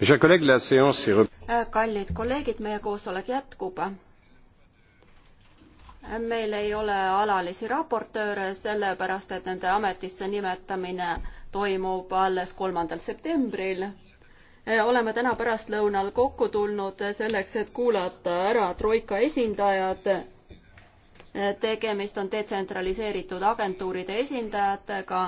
Äh, kallid kolleegid, meie koosolek jätkub. meil ei ole alalisi raportööre, sellepärast et nende ametisse nimetamine toimub alles kolmandal septembril. Äh, oleme täna pärastlõunal kokku tulnud selleks, et kuulata ära Troika esindajad äh, tegemist on detsentraliseeritud agentuuride esindajatega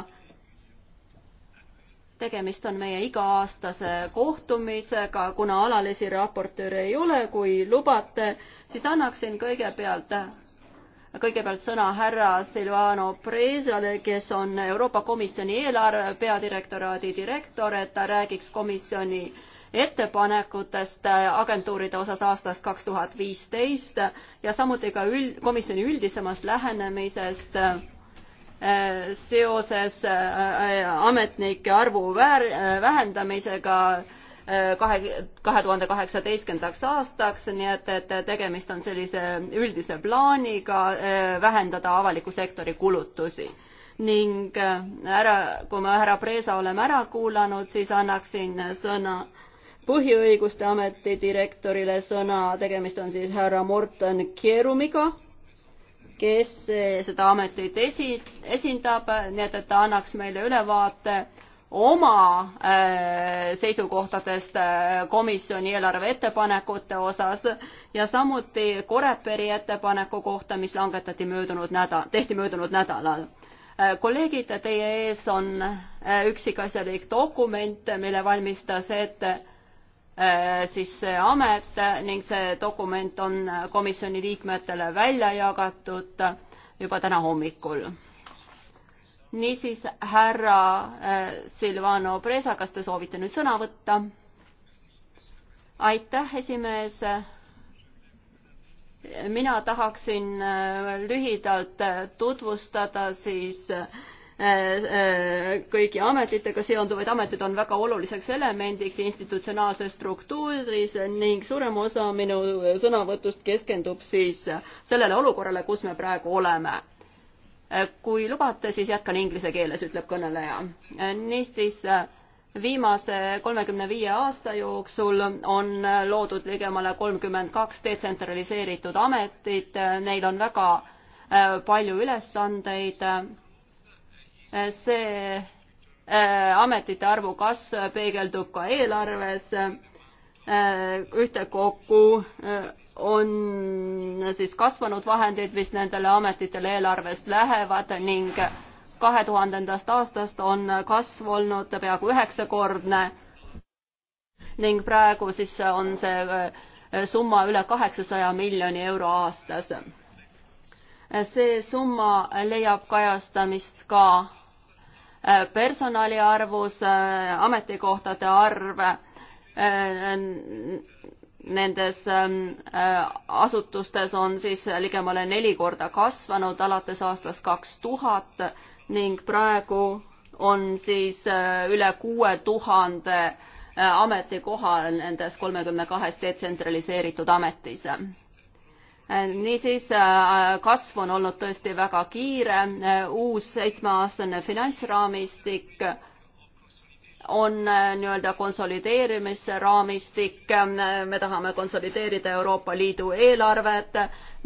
tegemist on meie iga-aastase kohtumisega, kuna alalisi raportööre ei ole, kui lubate, siis annaksin kõigepealt, kõigepealt sõna härra Silvano Preesale, kes on Euroopa Komisjoni eelarve peadirektoraadi direktor, et ta räägiks komisjoni ettepanekutest agentuuride osas aastast kaks tuhat viisteist ja samuti ka üld, komisjoni üldisemast lähenemisest seoses äh, äh, ametnike arvu väär, äh, vähendamisega kahe, kahe tuhande kaheksateistkümnendaks aastaks, nii et, et tegemist on sellise üldise plaaniga vähendada avaliku sektori kulutusi. ning ära, kui me härra Preesa oleme ära kuulanud, siis annaksin sõna põhiõiguste ameti direktorile sõna, tegemist on siis härra Morten Kierumiga kes eh, seda ametit esi, esindab, nii et, et ta annaks meile ülevaate oma eh, seisukohtadest eh, komisjoni eelarve ettepanekute osas ja samuti Coreperi ettepaneku kohta, mis langetati möödunud nädal, tehti möödunud nädalal. kolleegid, teie ees on üksikasjalik dokument, mille valmistas ette Äh, siis see amet ning see dokument on komisjoni liikmetele välja jagatud juba täna hommikul. niisiis, härra äh, Silvano Presa, kas te soovite nüüd sõna võtta? aitäh, esimees. mina tahaksin äh, lühidalt tutvustada siis äh, Äh, äh, kõigi ametitega seonduvaid ameteid on väga oluliseks elemendiks institutsionaalses struktuuris ning suurem osa minu sõnavõtust keskendub siis sellele olukorrale, kus me praegu oleme. Äh, kui lubate, siis jätkan inglise keeles, ütleb kõneleja. Eestis viimase kolmekümne viie aasta jooksul on loodud ligemale kolmkümmend kaks detsentraliseeritud ametit, neil on väga palju ülesandeid see äh, ametite arvu kasv peegeldub ka eelarves. Äh, ühtekokku äh, on siis kasvanud vahendid, mis nendele ametitele eelarvest lähevad ning kahe tuhandendast aastast on kasv olnud peaaegu üheksakordne ning praegu siis on see summa üle kaheksasaja miljoni euro aastas. see summa leiab kajastamist ka personali arvus, äh, ametikohtade arv äh, nendes ähm, äh, asutustes on siis ligemale neli korda kasvanud alates aastast kaks tuhat ning praegu on siis üle kuue tuhande ametikoha nendes kolmekümne kahes detsentraliseeritud ametis niisiis äh, kasv on olnud tõesti väga kiire, äh, uus seitsmeaastane finantsraamistik on äh, nii-öelda konsolideerimisraamistik, me tahame konsolideerida Euroopa Liidu eelarvet,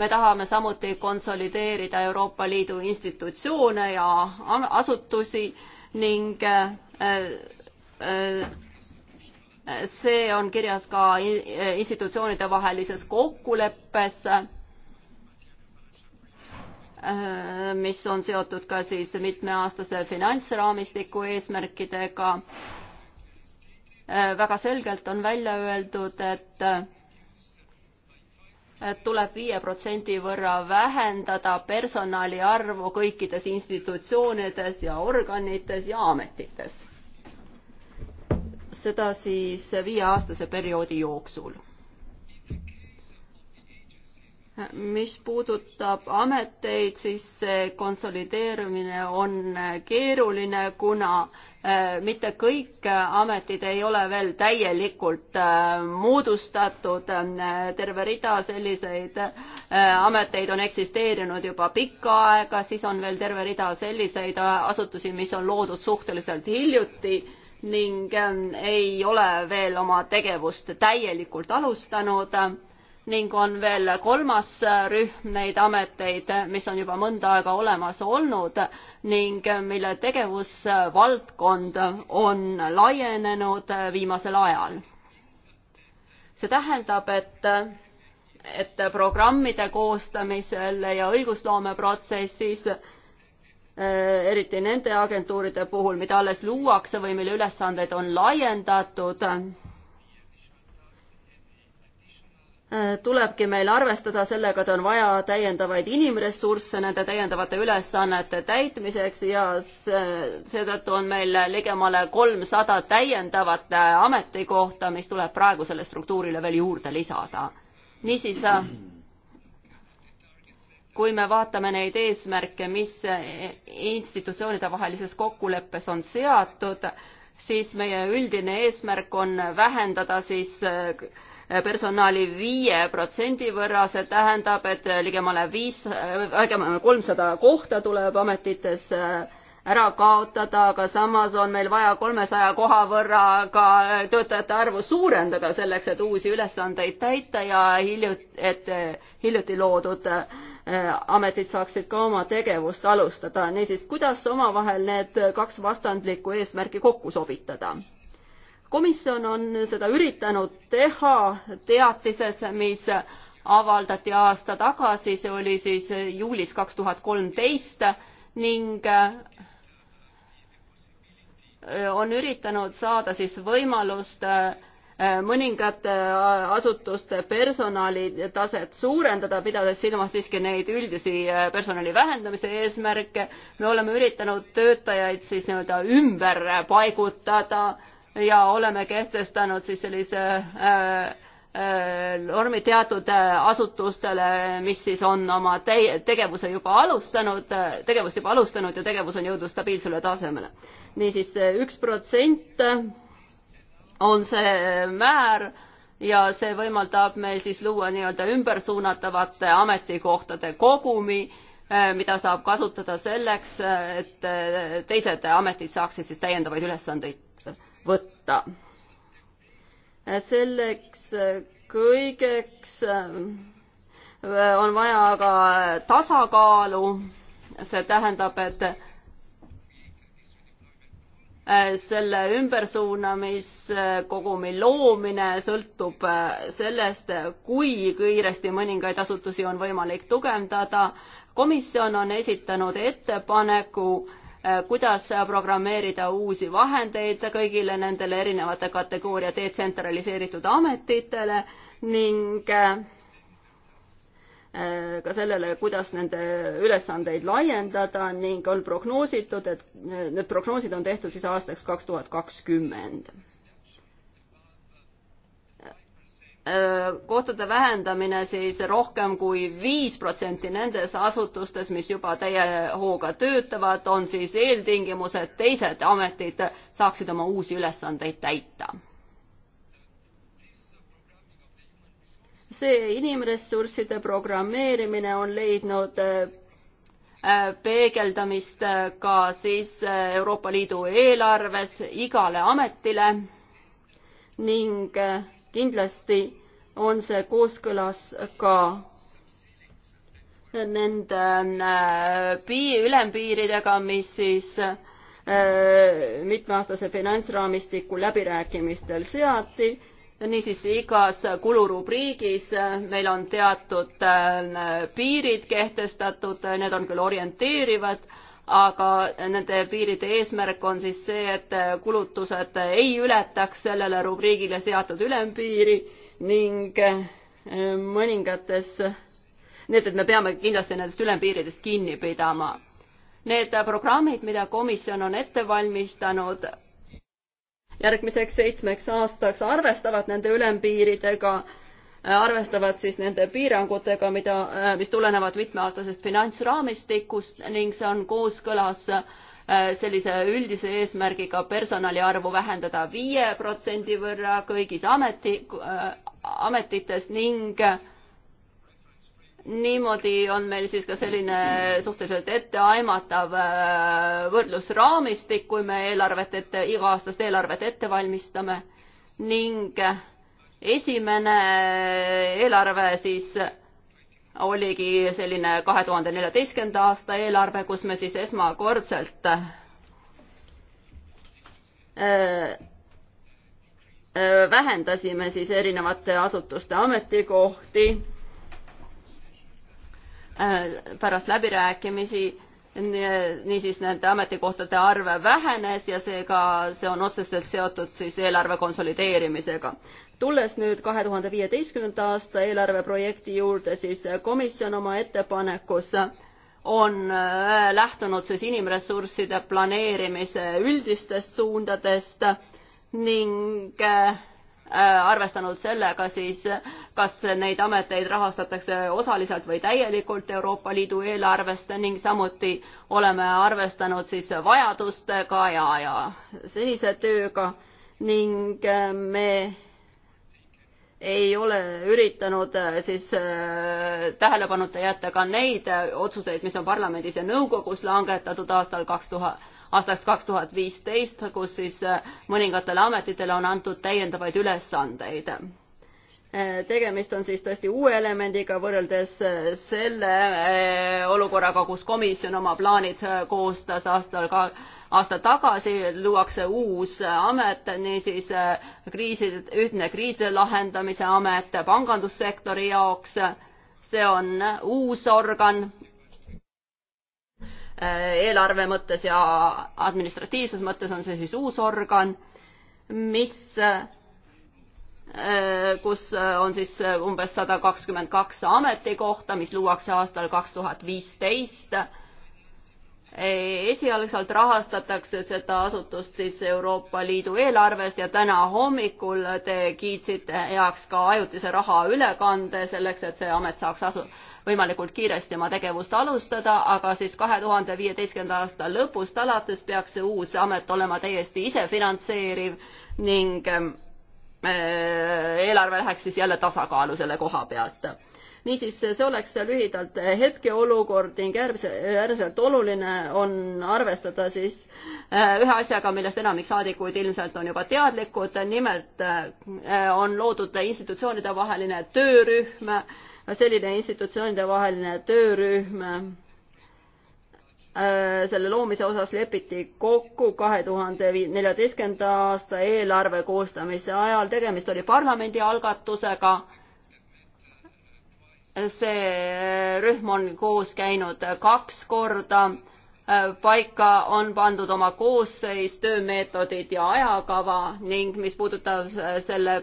me tahame samuti konsolideerida Euroopa Liidu institutsioone ja asutusi ning äh, äh, see on kirjas ka institutsioonide vahelises kokkuleppes, mis on seotud ka siis mitmeaastase finantsraamistiku eesmärkidega. väga selgelt on välja öeldud, et tuleb viie protsendi võrra vähendada personali arvu kõikides institutsioonides ja organites ja ametites seda siis viieaastase perioodi jooksul. mis puudutab ameteid, siis see konsolideerimine on keeruline, kuna äh, mitte kõik ametid ei ole veel täielikult äh, moodustatud, terve rida selliseid äh, ameteid on eksisteerinud juba pikka aega, siis on veel terve rida selliseid asutusi, mis on loodud suhteliselt hiljuti ning ähm, ei ole veel oma tegevust täielikult alustanud ning on veel kolmas äh, rühm neid ameteid, mis on juba mõnda aega olemas olnud ning äh, mille tegevusvaldkond on laienenud äh, viimasel ajal. see tähendab, et, et programmide koostamisel ja õigusloomeprotsessis Äh, eriti nende agentuuride puhul, mida alles luuakse või mille ülesanded on laiendatud, äh, tulebki meil arvestada sellega, et on vaja täiendavaid inimressursse nende täiendavate ülesannete täitmiseks ja seetõttu on meil ligemale kolmsada täiendavat äh, ametikohta, mis tuleb praegusele struktuurile veel juurde lisada. niisiis kui me vaatame neid eesmärke, mis institutsioonide vahelises kokkuleppes on seatud, siis meie üldine eesmärk on vähendada siis äh, personali viie protsendi võrra, see tähendab, et ligemale viis, äh, ligemale kolmsada kohta tuleb ametites äh, ära kaotada, aga samas on meil vaja kolmesaja koha võrra ka töötajate arvu suurendada selleks, et uusi ülesandeid täita ja hiljuti, et hiljuti loodud äh, Äh, ametid saaksid ka oma tegevust alustada. niisiis, kuidas omavahel need kaks vastandlikku eesmärki kokku sobitada? komisjon on seda üritanud teha teatises, mis avaldati aasta tagasi, see oli siis juulis kaks tuhat kolmteist ning äh, on üritanud saada siis võimalust äh, Äh, mõningate äh, asutuste personalitaset suurendada, pidades silmas siiski neid üldisi äh, personali vähendamise eesmärke. me oleme üritanud töötajaid siis nii-öelda ümber paigutada ja oleme kehtestanud siis sellise normi teatud asutustele, mis siis on oma tegevuse juba alustanud, tegevust juba alustanud ja tegevus on jõudnud stabiilsele tasemele. niisiis üks protsent on see määr ja see võimaldab meil siis luua nii-öelda ümbersuunatavate ametikohtade kogumi, eh, mida saab kasutada selleks, eh, et eh, teised ametid saaksid siis täiendavaid ülesandeid võtta. selleks kõigeks on vaja ka tasakaalu, see tähendab, et Äh, selle ümbersuunamiskogumi loomine sõltub äh, sellest, kui kiiresti mõningaid asutusi on võimalik tugevdada. komisjon on esitanud ettepaneku, äh, kuidas programmeerida uusi vahendeid kõigile nendele erinevate kategooria detsentraliseeritud ametitele ning Äh, ka sellele, kuidas nende ülesandeid laiendada ning on prognoositud, et äh, need prognoosid on tehtud siis aastaks kaks tuhat kakskümmend. Äh, kohtade vähendamine siis rohkem kui viis protsenti nendes asutustes, mis juba täie hooga töötavad, on siis eeltingimus, et teised ametid saaksid oma uusi ülesandeid täita see inimressursside programmeerimine on leidnud äh, äh, peegeldamist äh, ka siis Euroopa Liidu eelarves igale ametile ning kindlasti on see kooskõlas ka nende pii-, ülempiiridega, mis siis mitmeaastase finantsraamistiku läbirääkimistel seati niisiis igas kulurubriigis äh, meil on teatud äh, piirid kehtestatud, äh, need on küll orienteerivad, aga nende piiride eesmärk on siis see, et kulutused ei ületaks sellele rubriigile seatud ülempiiri ning mõningates, nii et, et me peame kindlasti nendest ülempiiridest kinni pidama. Need programmid, mida komisjon on ette valmistanud, järgmiseks seitsmeks aastaks arvestavad nende ülempiiridega, arvestavad siis nende piirangutega, mida, mis tulenevad mitmeaastasest finantsraamistikust ning see on kooskõlas äh, sellise üldise eesmärgiga personali arvu vähendada viie protsendi võrra kõigis ameti, äh, ametites ning niimoodi on meil siis ka selline suhteliselt etteaimatav äh, võrdlusraamistik, kui me eelarvet ette, iga-aastast eelarvet ette valmistame ning esimene eelarve siis oligi selline kahe tuhande neljateistkümnenda aasta eelarve, kus me siis esmakordselt äh, äh, vähendasime siis erinevate asutuste ametikohti Äh, pärast läbirääkimisi niisiis nende ametikohtade arv vähenes ja seega see on otseselt seotud siis eelarve konsolideerimisega. tulles nüüd kahe tuhande viieteistkümnenda aasta eelarveprojekti juurde, siis komisjon oma ettepanekus on äh, lähtunud siis inimressursside planeerimise üldistest suundadest ning äh, Äh, arvestanud sellega siis, kas neid ameteid rahastatakse osaliselt või täielikult Euroopa Liidu eelarvest ning samuti oleme arvestanud siis vajadustega ja, ja senise tööga ning äh, me ei ole üritanud äh, siis tähelepanuta jätta ka neid otsuseid, mis on parlamendis ja nõukogus langetatud aastal kaks tuhat aastaks kaks tuhat viisteist, kus siis äh, mõningatele ametitele on antud täiendavaid ülesandeid. Äh, tegemist on siis tõesti uue elemendiga võrreldes äh, selle olukorraga, kus komisjon oma plaanid koostas aastal ka aasta tagasi luuakse uus amet, niisiis kriiside, ühtne kriiside lahendamise amet pangandussektori jaoks. see on uus organ Äh, eelarve mõttes ja administratiivses mõttes on see siis uus organ, mis, äh, kus äh, on siis umbes sada kakskümmend kaks ametikohta, mis luuakse aastal kaks tuhat viisteist esialgselt rahastatakse seda asutust siis Euroopa Liidu eelarvest ja täna hommikul te kiitsite heaks ka ajutise raha ülekande selleks, et see amet saaks asu-, võimalikult kiiresti oma tegevust alustada, aga siis kahe tuhande viieteistkümnenda aasta lõpust alates peaks see uus amet olema täiesti isefinantseeriv ning äh, eelarve läheks siis jälle tasakaalu selle koha pealt niisiis, see oleks lühidalt hetkeolukord ning äärmiselt oluline on arvestada siis äh, ühe asjaga, millest enamik saadikuid ilmselt on juba teadlikud, nimelt äh, on loodud institutsioonide vaheline töörühm, selline institutsioonide vaheline töörühm äh, selle loomise osas lepiti kokku kahe tuhande neljateistkümnenda aasta eelarve koostamise ajal, tegemist oli parlamendi algatusega see äh, rühm on koos käinud kaks korda, äh, paika on pandud oma koosseis, töömeetodid ja ajakava ning mis puudutab äh, selle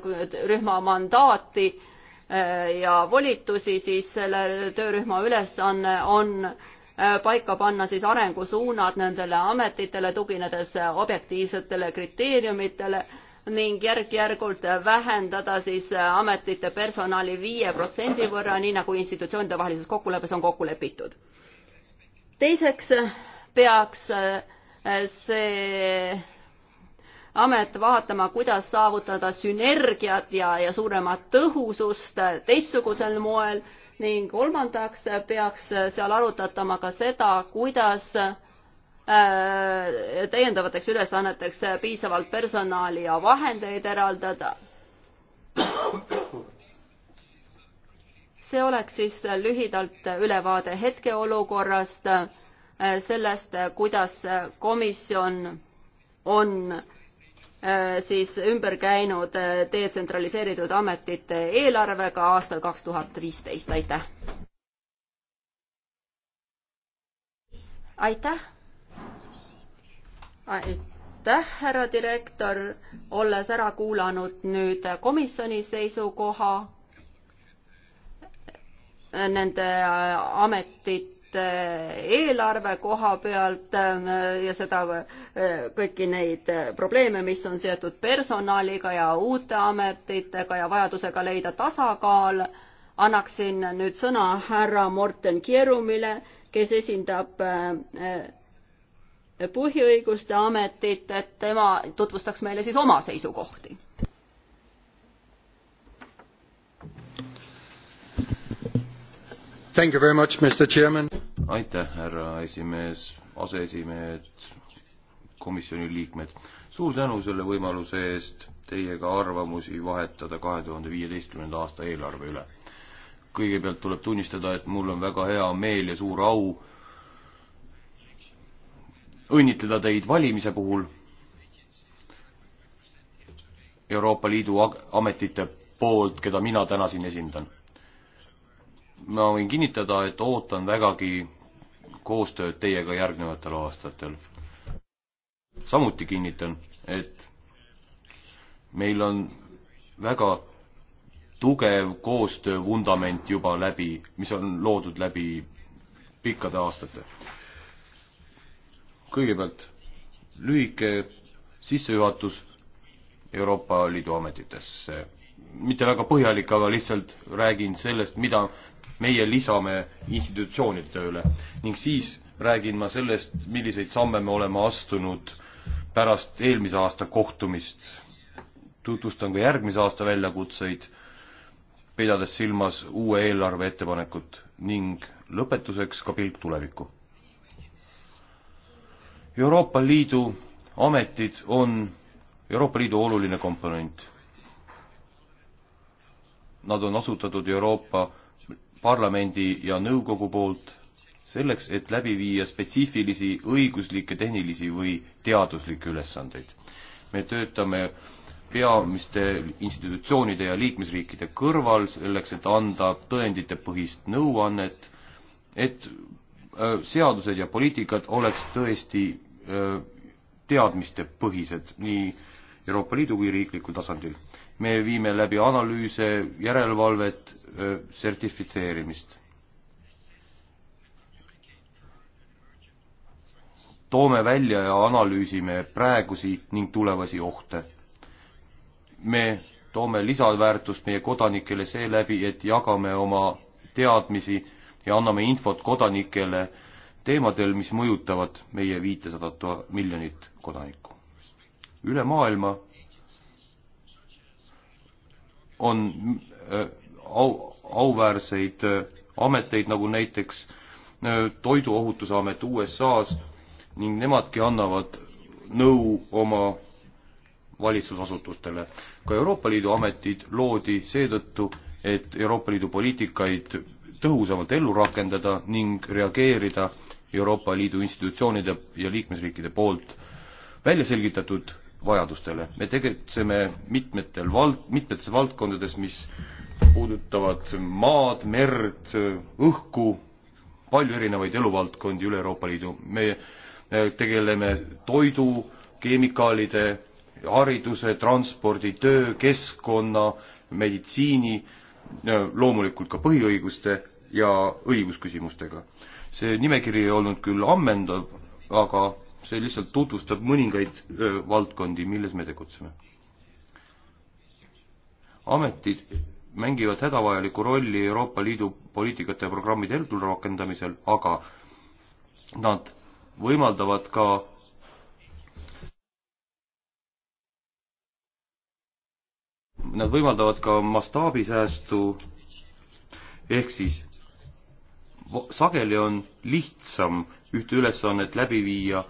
rühma mandaati ja volitusi, siis selle töörühma ülesanne on, on paika panna siis arengusuunad nendele ametitele, tuginedes objektiivsetele kriteeriumitele ning järk-järgult vähendada siis ametite personali viie protsendi võrra, nii nagu institutsioonide vahelises kokkuleppes on kokku lepitud. teiseks peaks eh, see amet vaatama, kuidas saavutada sünergiat ja, ja suuremat tõhusust teistsugusel moel ning kolmandaks peaks seal arutatama ka seda, kuidas äh, Äh, täiendavateks ülesanneteks piisavalt personali ja vahendeid eraldada. see oleks siis lühidalt ülevaade hetkeolukorrast, äh, sellest, kuidas komisjon on äh, siis ümber käinud detsentraliseeritud ametite eelarvega aastal kaks tuhat viisteist, aitäh! aitäh! aitäh, härra direktor, olles ära kuulanud nüüd komisjoni seisukoha nende ametite eelarve koha pealt ja seda, kõiki neid probleeme, mis on seotud personaliga ja uute ametitega ja vajadusega leida tasakaal, annaksin nüüd sõna härra Morten Kierumile, kes esindab põhiõiguste ametit, et tema tutvustaks meile siis oma seisukohti. aitäh, härra esimees, aseesimehed, komisjoni liikmed. suur tänu selle võimaluse eest teiega arvamusi vahetada kahe tuhande viieteistkümnenda aasta eelarve üle. kõigepealt tuleb tunnistada, et mul on väga hea meel ja suur au õnnitleda teid valimise puhul Euroopa Liidu ametite poolt, keda mina täna siin esindan. ma võin kinnitada, et ootan vägagi koostööd teiega järgnevatel aastatel. samuti kinnitan, et meil on väga tugev koostöövundament juba läbi, mis on loodud läbi pikkade aastate kõigepealt lühike sissejuhatus Euroopa Liidu ametitesse. mitte väga põhjalik, aga lihtsalt räägin sellest, mida meie lisame institutsioonide tööle ning siis räägin ma sellest, milliseid samme me oleme astunud pärast eelmise aasta kohtumist. tutvustan ka järgmise aasta väljakutseid, pidades silmas uue eelarve ettepanekut ning lõpetuseks ka pilk tulevikku Euroopa Liidu ametid on Euroopa Liidu oluline komponent. Nad on asutatud Euroopa Parlamendi ja Nõukogu poolt selleks, et läbi viia spetsiifilisi õiguslikke, tehnilisi või teaduslikke ülesandeid. me töötame peamiste institutsioonide ja liikmesriikide kõrval selleks, et anda tõenditepõhist nõuannet, et Äh, seadused ja poliitikad oleks tõesti äh, teadmistepõhised nii Euroopa Liidu kui riiklikul tasandil. me viime läbi analüüse, järelevalvet, äh, sertifitseerimist. toome välja ja analüüsime praegusi ning tulevasi ohte. me toome lisaväärtust meie kodanikele seeläbi, et jagame oma teadmisi ja anname infot kodanikele teemadel, mis mõjutavad meie viitesadat miljonit kodanikku. üle maailma on äh, au, auväärseid äh, ameteid, nagu näiteks äh, toiduohutusamet USA-s ning nemadki annavad nõu oma valitsusasutustele. ka Euroopa Liidu ametid loodi seetõttu, et Euroopa Liidu poliitikaid tõhusamalt ellu rakendada ning reageerida Euroopa Liidu institutsioonide ja liikmesriikide poolt välja selgitatud vajadustele. me tegutseme mitmetel vald-, mitmetes valdkondades, mis puudutavad maad, merd, õhku, palju erinevaid eluvaldkondi üle Euroopa Liidu. me tegeleme toidu, keemikaalide, hariduse, transpordi, töö, keskkonna, meditsiini, loomulikult ka põhiõiguste ja õigusküsimustega. see nimekiri ei olnud küll ammendav, aga see lihtsalt tutvustab mõningaid öö, valdkondi, milles me tegutseme. ametid mängivad hädavajalikku rolli Euroopa Liidu poliitikate ja programmide ellurakendamisel, aga nad võimaldavad ka Nad võimaldavad ka mastaabisäästu ehk siis sageli on lihtsam ühte ülesannet läbi viia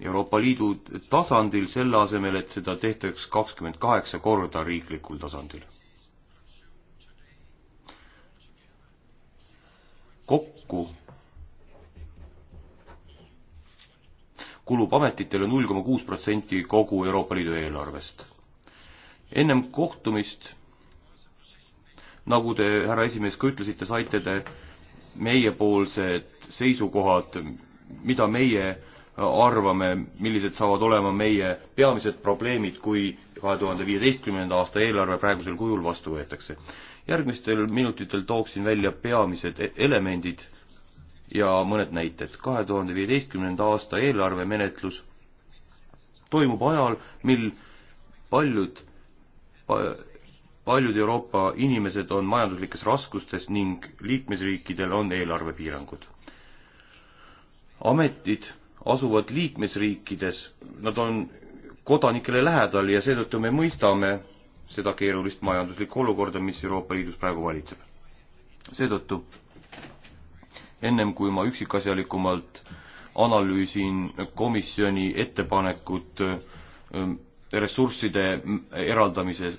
Euroopa Liidu tasandil, selle asemel, et seda tehtaks kakskümmend kaheksa korda riiklikul tasandil. kokku kulub ametitele null koma kuus protsenti kogu Euroopa Liidu eelarvest. ennem kohtumist, nagu te, härra esimees, ka ütlesite, saite te meiepoolsed seisukohad, mida meie arvame, millised saavad olema meie peamised probleemid, kui kahe tuhande viieteistkümnenda aasta eelarve praegusel kujul vastu võetakse. järgmistel minutitel tooksin välja peamised e-, elemendid ja mõned näited. kahe tuhande viieteistkümnenda aasta eelarvemenetlus toimub ajal, mil paljud paljud Euroopa inimesed on majanduslikes raskustes ning liikmesriikidel on eelarvepiirangud. ametid asuvad liikmesriikides, nad on kodanikele lähedal ja seetõttu me mõistame seda keerulist majanduslikku olukorda, mis Euroopa Liidus praegu valitseb. seetõttu ennem kui ma üksikasjalikumalt analüüsin komisjoni ettepanekut ähm, ressursside eraldamise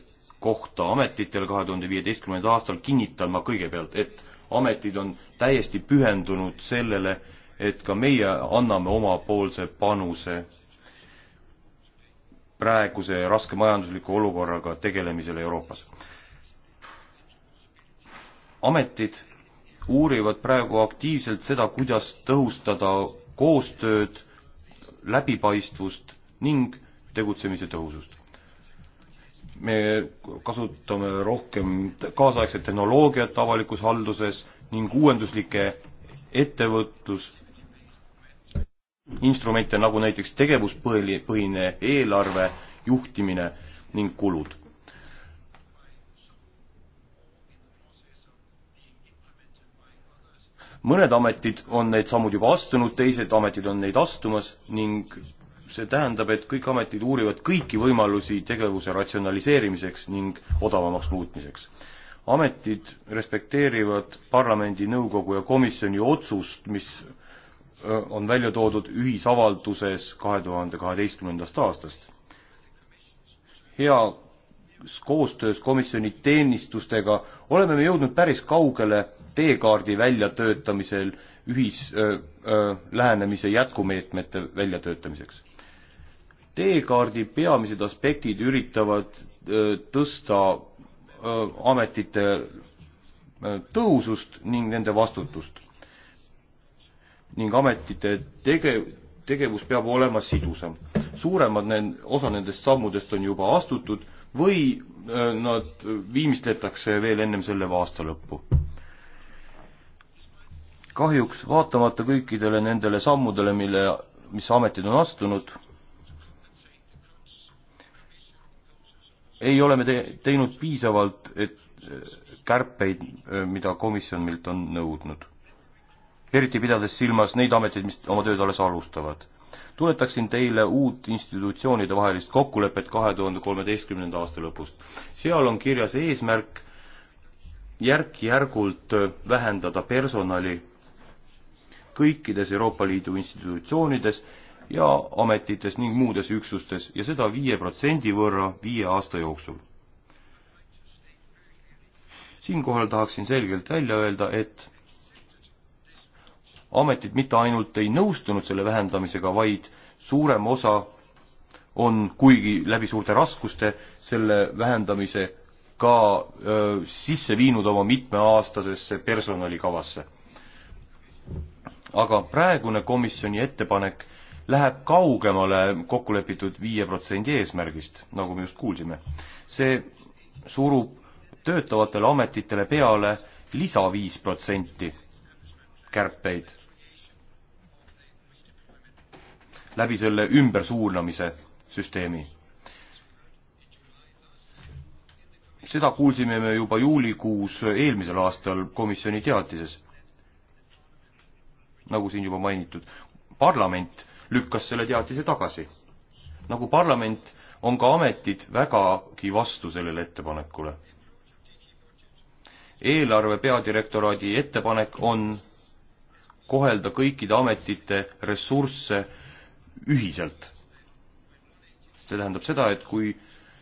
kohta ametitel kahe tuhande viieteistkümnendal aastal kinnitan ma kõigepealt, et ametid on täiesti pühendunud sellele, et ka meie anname omapoolse panuse praeguse raske majandusliku olukorraga tegelemisele Euroopas. ametid uurivad praegu aktiivselt seda, kuidas tõhustada koostööd, läbipaistvust ning tegutsemise tõhusust me kasutame rohkem kaasaegset tehnoloogiat avalikus halduses ning uuenduslikke ettevõtlus instrumente, nagu näiteks tegevuspõhine eelarve, juhtimine ning kulud. mõned ametid on need sammud juba astunud, teised ametid on neid astumas ning see tähendab, et kõik ametid uurivad kõiki võimalusi tegevuse ratsionaliseerimiseks ning odavamaks muutmiseks. ametid respekteerivad parlamendi, nõukogu ja komisjoni otsust, mis on välja toodud ühisavalduses kahe tuhande kaheteistkümnendast aastast. hea koostöös komisjoni teenistustega oleme me jõudnud päris kaugele teekaardi väljatöötamisel ühislähenemise jätkumeetmete väljatöötamiseks teekaardi peamised aspektid üritavad tõsta ametite tõhusust ning nende vastutust. ning ametite tege-, tegevus peab olema sidusam. suuremad nend-, osa nendest sammudest on juba astutud või nad viimistletakse veel ennem selle aasta lõppu. kahjuks vaatamata kõikidele nendele sammudele, mille, mis ametid on astunud, ei ole me te teinud piisavalt, et äh, kärpeid, äh, mida komisjon meilt on nõudnud. eriti pidades silmas neid ameteid, mis oma tööd alles alustavad. tuletaksin teile uut institutsioonide vahelist kokkulepet kahe tuhande kolmeteistkümnenda aasta lõpust. seal on kirjas eesmärk järk-järgult äh, vähendada personali kõikides Euroopa Liidu institutsioonides ja ametites ning muudes üksustes ja seda viie protsendi võrra viie aasta jooksul. siinkohal tahaksin selgelt välja öelda, et ametid mitte ainult ei nõustunud selle vähendamisega, vaid suurem osa on, kuigi läbi suurte raskuste, selle vähendamise ka öö, sisse viinud oma mitmeaastasesse personalikavasse. aga praegune komisjoni ettepanek läheb kaugemale kokkulepitud viie protsendi eesmärgist, nagu me just kuulsime. see surub töötavatele ametitele peale lisa viis protsenti kärpeid läbi selle ümbersuunamise süsteemi. seda kuulsime me juba juulikuus eelmisel aastal komisjoni teatises, nagu siin juba mainitud. parlament lükkas selle teatise tagasi. nagu parlament, on ka ametid vägagi vastu sellele ettepanekule. eelarve peadirektoraadi ettepanek on kohelda kõikide ametite ressursse ühiselt. see tähendab seda, et kui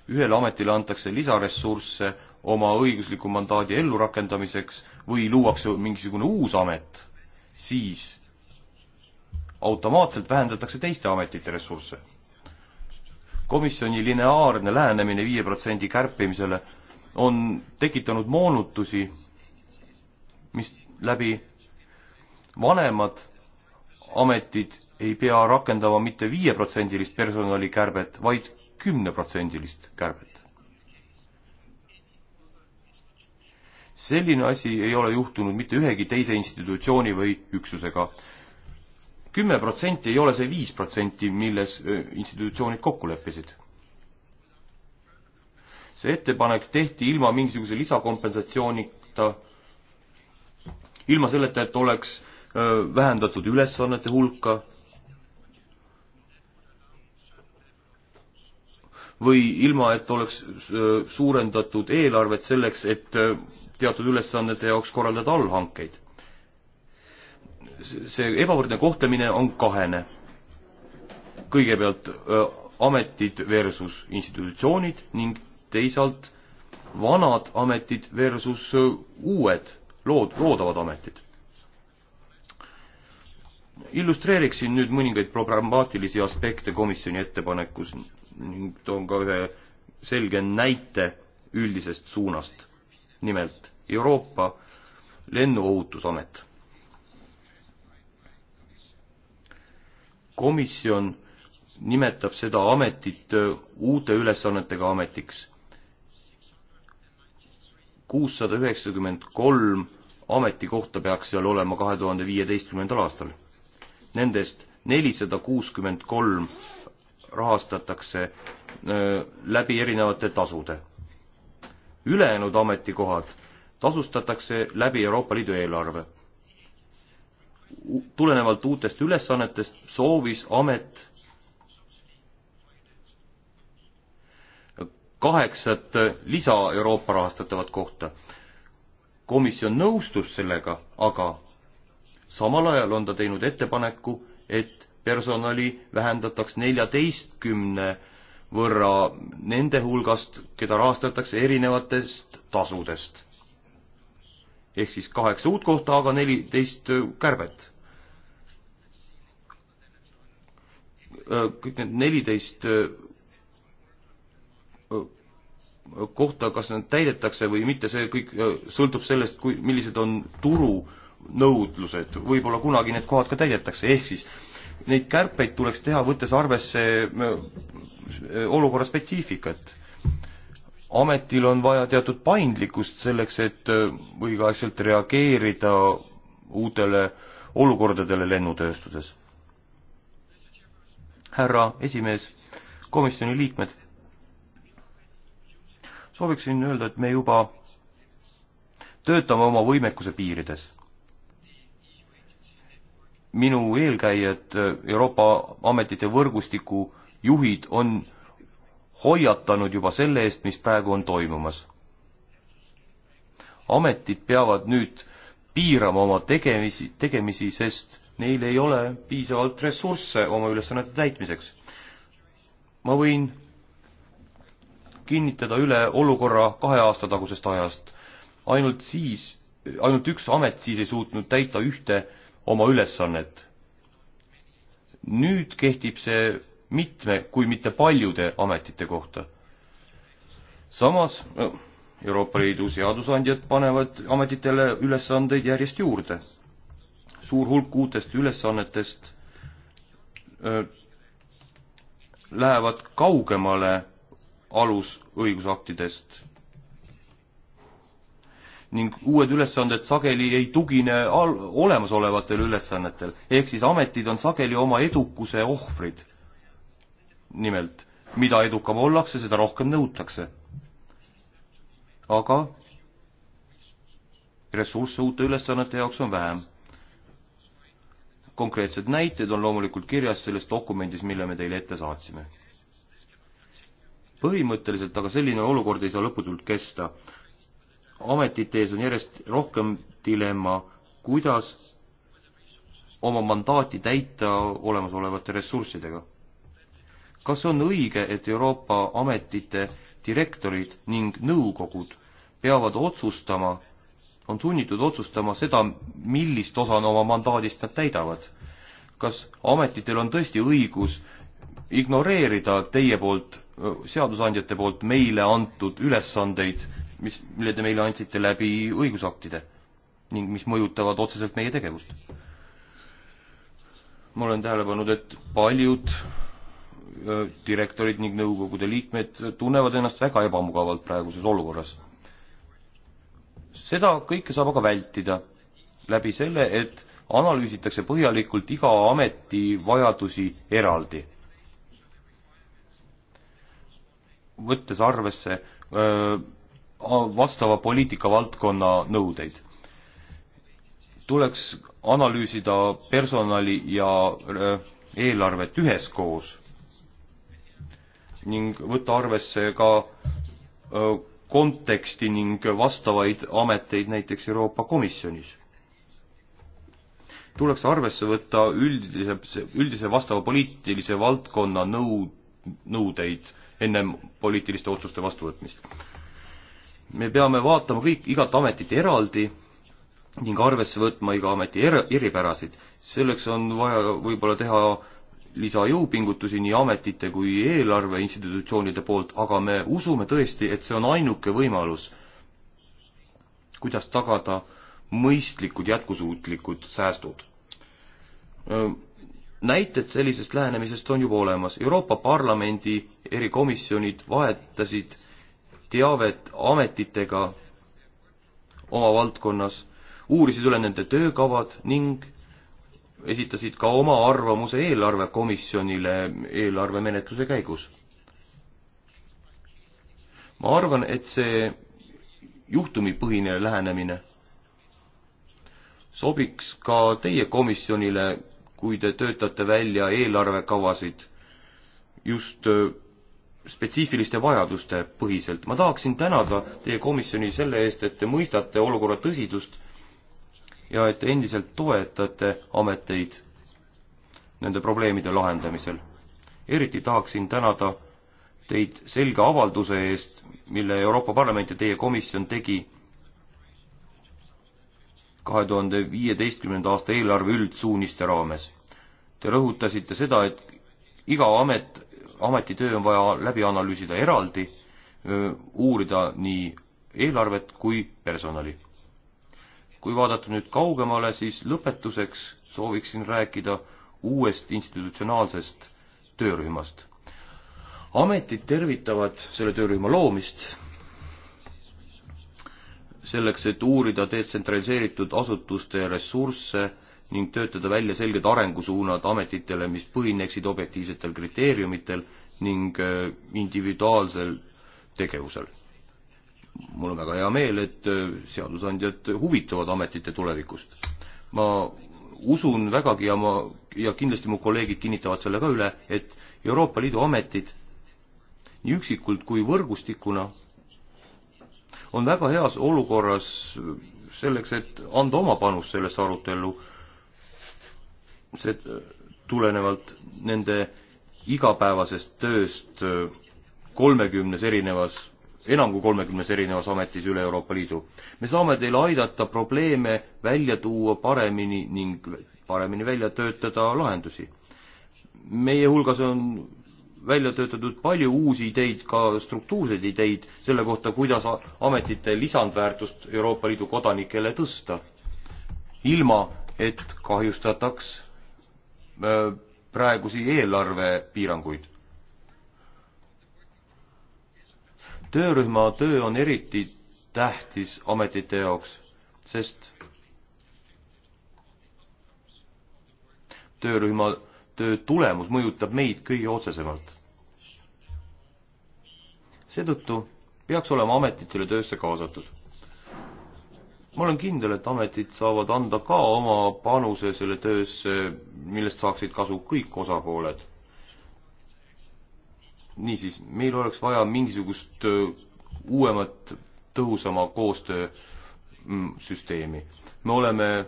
ühele ametile antakse lisaressursse oma õigusliku mandaadi ellurakendamiseks või luuakse mingisugune uus amet, siis automaatselt vähendatakse teiste ametite ressursse. komisjoni lineaarne lähenemine viie protsendi kärpimisele on tekitanud moonutusi, mis läbi vanemad ametid ei pea rakendama mitte viieprotsendilist personalikärbet, vaid kümneprotsendilist kärbet. selline asi ei ole juhtunud mitte ühegi teise institutsiooni või üksusega kümme protsenti ei ole see viis protsenti, milles institutsioonid kokku leppisid. see ettepanek tehti ilma mingisuguse lisakompensatsioonita, ilma selleta, et oleks vähendatud ülesannete hulka või ilma, et oleks suurendatud eelarvet selleks, et teatud ülesannete jaoks korraldada allhankeid see ebavõrdne kohtlemine on kahene. kõigepealt ametid versus institutsioonid ning teisalt vanad ametid versus uued lood, loodavad ametid. illustreeriksin nüüd mõningaid programmaatilisi aspekte komisjoni ettepanekus ning toon ka ühe selge näite üldisest suunast. nimelt Euroopa Lennuohutusamet komisjon nimetab seda ametit äh, uute ülesannetega ametiks. kuussada üheksakümmend kolm ametikohta peaks seal olema kahe tuhande viieteistkümnendal aastal. Nendest nelisada kuuskümmend kolm rahastatakse äh, läbi erinevate tasude. ülejäänud ametikohad tasustatakse läbi Euroopa Liidu eelarve tulenevalt uutest ülesannetest soovis amet kaheksat lisa Euroopa rahastatavat kohta. komisjon nõustus sellega, aga samal ajal on ta teinud ettepaneku, et personali vähendataks neljateistkümne võrra nende hulgast, keda rahastatakse erinevatest tasudest ehk siis kaheksa uut kohta, aga neliteist äh, kärbet. Äh, kõik need neliteist äh, kohta, kas nad täidetakse või mitte, see kõik sõltub sellest, kui, millised on turu nõudlused, võib-olla kunagi need kohad ka täidetakse, ehk siis neid kärpeid tuleks teha, võttes arvesse olukorra spetsiifikat ametil on vaja teatud paindlikkust selleks, et äh, õigeaegselt reageerida uutele olukordadele lennutööstuses. härra esimees, komisjoni liikmed, sooviksin öelda, et me juba töötame oma võimekuse piirides. minu eelkäijad äh, Euroopa ametite võrgustiku juhid on hoiatanud juba selle eest, mis praegu on toimumas. ametid peavad nüüd piirama oma tegemisi, tegemisi, sest neil ei ole piisavalt ressursse oma ülesannete täitmiseks. ma võin kinnitada üle olukorra kahe aasta tagusest ajast. ainult siis, ainult üks amet siis ei suutnud täita ühte oma ülesannet. nüüd kehtib see mitme, kui mitte paljude ametite kohta. samas Euroopa Liidu seadusandjad panevad ametitele ülesandeid järjest juurde. suur hulk uutest ülesannetest öö, lähevad kaugemale alusõigusaktidest ning uued ülesanded sageli ei tugine olemasolevatel ülesannetel, ehk siis ametid on sageli oma edukuse ohvrid nimelt, mida edukam ollakse, seda rohkem nõutakse. aga ressursse uute ülesannete jaoks on vähem. konkreetsed näited on loomulikult kirjas selles dokumendis, mille me teile ette saatsime. põhimõtteliselt aga selline olukord ei saa lõputult kesta. ametite ees on järjest rohkem dilemma, kuidas oma mandaati täita olemasolevate ressurssidega kas on õige, et Euroopa ametite direktorid ning nõukogud peavad otsustama, on sunnitud otsustama seda, millist osa oma mandaadist nad täidavad? kas ametitel on tõesti õigus ignoreerida teie poolt, seadusandjate poolt meile antud ülesandeid, mis, mille te meile andsite läbi õigusaktide ning mis mõjutavad otseselt meie tegevust? ma olen tähele pannud, et paljud Äh, direktorid ning nõukogude liikmed tunnevad ennast väga ebamugavalt praeguses olukorras. seda kõike saab aga vältida läbi selle, et analüüsitakse põhjalikult iga ameti vajadusi eraldi. võttes arvesse öö, äh, vastava poliitikavaldkonna nõudeid. tuleks analüüsida personali ja öö, äh, eelarvet üheskoos ning võtta arvesse ka konteksti ning vastavaid ameteid näiteks Euroopa Komisjonis. tuleks arvesse võtta üldise, üldise vastava poliitilise valdkonna nõu, nõudeid ennem poliitiliste otsuste vastuvõtmist. me peame vaatama kõik, igat ametit eraldi ning arvesse võtma iga ameti er, eripärasid. selleks on vaja võib-olla teha lisajõupingutusi nii ametite kui eelarveinstitutsioonide poolt, aga me usume tõesti, et see on ainuke võimalus, kuidas tagada mõistlikud jätkusuutlikud säästud. näited sellisest lähenemisest on juba olemas. Euroopa Parlamendi erikomisjonid vahetasid teavet ametitega oma valdkonnas, uurisid üle nende töökavad ning esitasid ka oma arvamuse eelarvekomisjonile eelarvemenetluse käigus. ma arvan, et see juhtumipõhine lähenemine sobiks ka teie komisjonile, kui te töötate välja eelarvekavasid just äh, spetsiifiliste vajaduste põhiselt. ma tahaksin tänada teie komisjoni selle eest, et te mõistate olukorra tõsidust ja et endiselt toetate ameteid nende probleemide lahendamisel. eriti tahaksin tänada teid selge avalduse eest, mille Euroopa Parlament ja teie komisjon tegi kahe tuhande viieteistkümnenda aasta eelarve üldsuuniste raames. Te rõhutasite seda, et iga amet, ametitöö on vaja läbi analüüsida eraldi, uurida nii eelarvet kui personali kui vaadata nüüd kaugemale, siis lõpetuseks sooviksin rääkida uuest institutsionaalsest töörühmast. ametid tervitavad selle töörühma loomist selleks, et uurida detsentraliseeritud asutuste ressursse ning töötada välja selged arengusuunad ametitele, mis põhineksid objektiivsetel kriteeriumitel ning äh, individuaalsel tegevusel mul on väga hea meel, et äh, seadusandjad huvituvad ametite tulevikust. ma usun vägagi ja ma, ja kindlasti mu kolleegid kinnitavad selle ka üle, et Euroopa Liidu ametid nii üksikult kui võrgustikuna on väga heas olukorras selleks, et anda oma panus sellesse arutellu, see äh, tulenevalt nende igapäevasest tööst äh, kolmekümnes erinevas enam kui kolmekümnes erinevas ametis üle Euroopa Liidu. me saame teil aidata probleeme välja tuua paremini ning paremini välja töötada lahendusi. meie hulgas on välja töötatud palju uusi ideid, ka struktuurseid ideid selle kohta, kuidas ametite lisandväärtust Euroopa Liidu kodanikele tõsta, ilma et kahjustataks äh, praegusi eelarvepiiranguid töörühma töö on eriti tähtis ametite jaoks, sest töörühma töö tulemus mõjutab meid kõige otsesemalt. seetõttu peaks olema ametid selle töösse kaasatud. ma olen kindel, et ametid saavad anda ka oma panuse selle töösse, millest saaksid kasu kõik osapooled niisiis, meil oleks vaja mingisugust äh, uuemat, tõhusama koostöösüsteemi. Mm, me oleme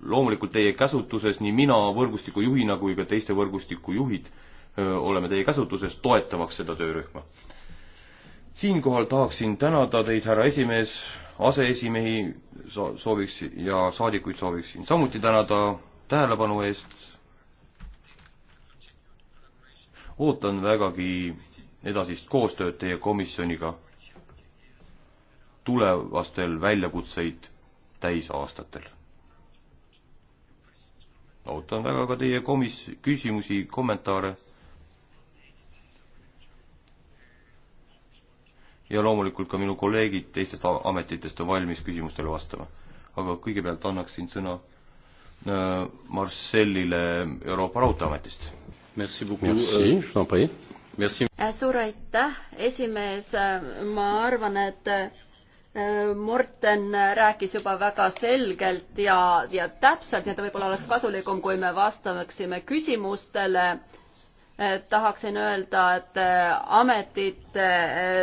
loomulikult teie käsutuses, nii mina võrgustiku juhina kui ka teiste võrgustiku juhid öö, äh, oleme teie käsutuses, toetamaks seda töörühma. siinkohal tahaksin tänada teid, härra esimees, aseesimehi sooviks ja saadikuid sooviksin samuti tänada tähelepanu eest ootan vägagi edasist koostööd teie komisjoniga tulevastel väljakutseid täisaastatel. ootan väga ka teie komis-, küsimusi, kommentaare. ja loomulikult ka minu kolleegid teistest ametitest on valmis küsimustele vastama. aga kõigepealt annaksin sõna äh, Marcellile Euroopa Raudteeametist Euh, äh, suur aitäh, esimees, äh, ma arvan, et äh, Morten rääkis juba väga selgelt ja, ja täpselt, nii et võib-olla oleks kasulikum, kui me vastaksime küsimustele. tahaksin öelda, et ametite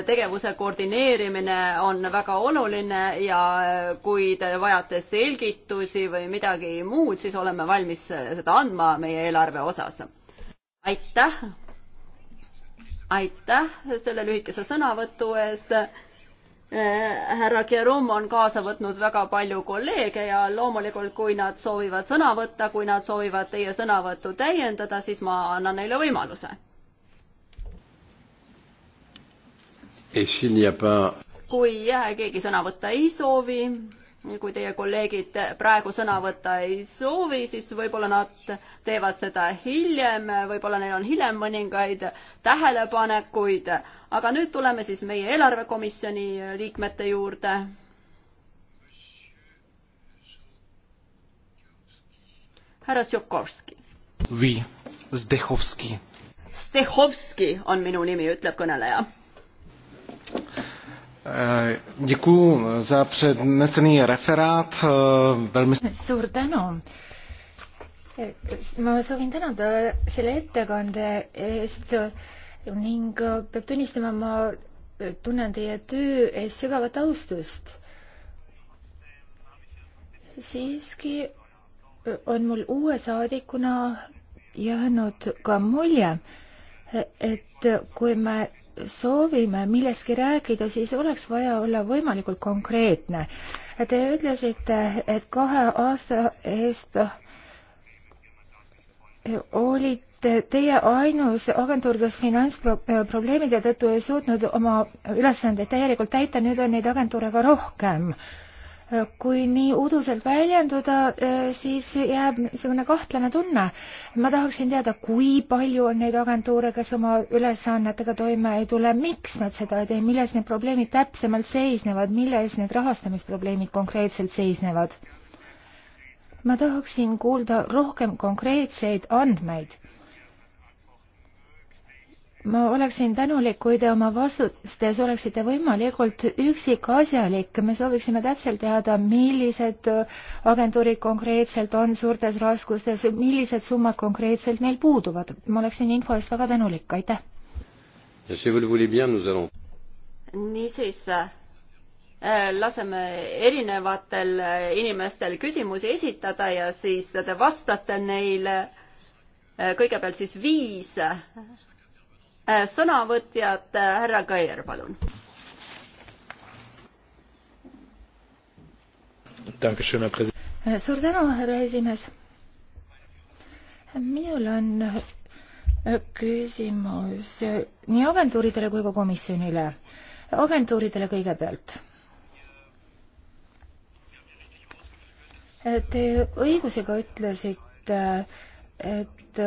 tegevuse koordineerimine on väga oluline ja kui te vajate selgitusi või midagi muud, siis oleme valmis seda andma meie eelarve osas aitäh, aitäh selle lühikese sõnavõtu eest äh, härra Kerum on kaasa võtnud väga palju kolleege ja loomulikult, kui nad soovivad sõna võtta, kui nad soovivad teie sõnavõttu täiendada, siis ma annan neile võimaluse. kui keegi sõna võtta ei soovi, kui teie kolleegid praegu sõna võtta ei soovi, siis võib-olla nad teevad seda hiljem, võib-olla neil on hiljem mõningaid tähelepanekuid, aga nüüd tuleme siis meie eelarvekomisjoni liikmete juurde. härra Sjokovski. või Zdehovski. Zdehovski on minu nimi, ütleb kõneleja. Eh, Děkuji za přednesený referát. Eh, velmi... Suur tänu. Ma soovin tänada selle ettekande eest ning peab tunnistama, ma tunnen teie töö eest sügavat austust. Siiski on mul uue saadikuna jäänud ka mulje, et kui me soovime millestki rääkida, siis oleks vaja olla võimalikult konkreetne. Te ütlesite, et kahe aasta eest olite teie ainus agentuur, kes finantsprobleemide tõttu ei suutnud oma ülesandeid täielikult täita, nüüd on neid agentuure ka rohkem kui nii uduselt väljenduda, eh, siis jääb niisugune kahtlane tunne. ma tahaksin teada, kui palju on neid agentuure, kes oma ülesannetega toime ei tule, miks nad seda ei tee, milles need probleemid täpsemalt seisnevad, milles need rahastamisprobleemid konkreetselt seisnevad? ma tahaksin kuulda rohkem konkreetseid andmeid ma oleksin tänulik, kui te oma vastustes oleksite võimalikult üksikasjalik. me sooviksime täpselt teada, millised agentuurid konkreetselt on suurtes raskustes, millised summad konkreetselt neil puuduvad. ma oleksin info eest väga tänulik, aitäh. niisiis, äh, laseme erinevatel äh, inimestel küsimusi esitada ja siis te vastate neile. Äh, kõigepealt siis viis Äh, sõnavõtjad, äh, härra Kaier, palun. Äh, suur tänu, härra esimees. minul on küsimus nii agentuuridele kui ka komisjonile. agentuuridele kõigepealt Te õigusega ütlesite, et, et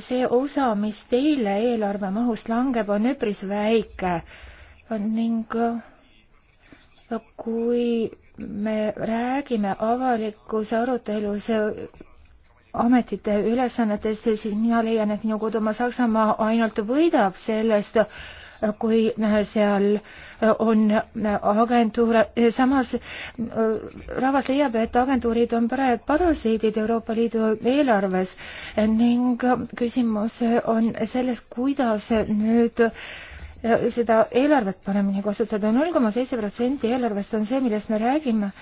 see osa, mis teile eelarve mahust langeb, on üpris väike ning kui me räägime avalikus arutelus ametite ülesannetest, siis mina leian, et minu kodumaa Saksamaa ainult võidab sellest, kui seal on agentuur, samas äh, rahvas leiab, et agentuurid on praegu parasiidid Euroopa Liidu eelarves ning küsimus on selles, kuidas nüüd äh, seda eelarvet paremini kasutada. null koma seitse protsenti eelarvest on see, millest me räägime.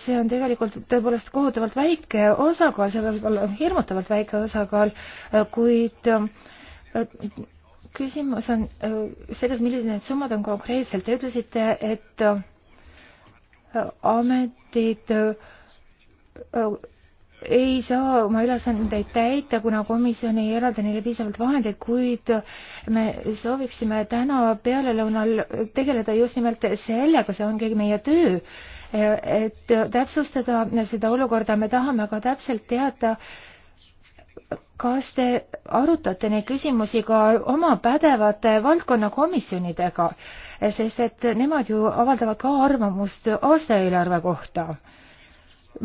see on tegelikult tõepoolest kohutavalt väike osakaal, see võib olla hirmutavalt väike osakaal, kuid äh, küsimus on äh, selles, millised need summad on konkreetselt. Te ütlesite, et äh, ametid äh, ei saa oma ülesandeid täita, kuna komisjon ei eralda neile piisavalt vahendeid, kuid me sooviksime täna pealelõunal tegeleda just nimelt sellega, see ongi meie töö, et täpsustada seda olukorda, me tahame ka täpselt teada, kas te arutate neid küsimusi ka oma pädevate valdkonnakomisjonidega, sest et nemad ju avaldavad ka arvamust aastaeelarve kohta?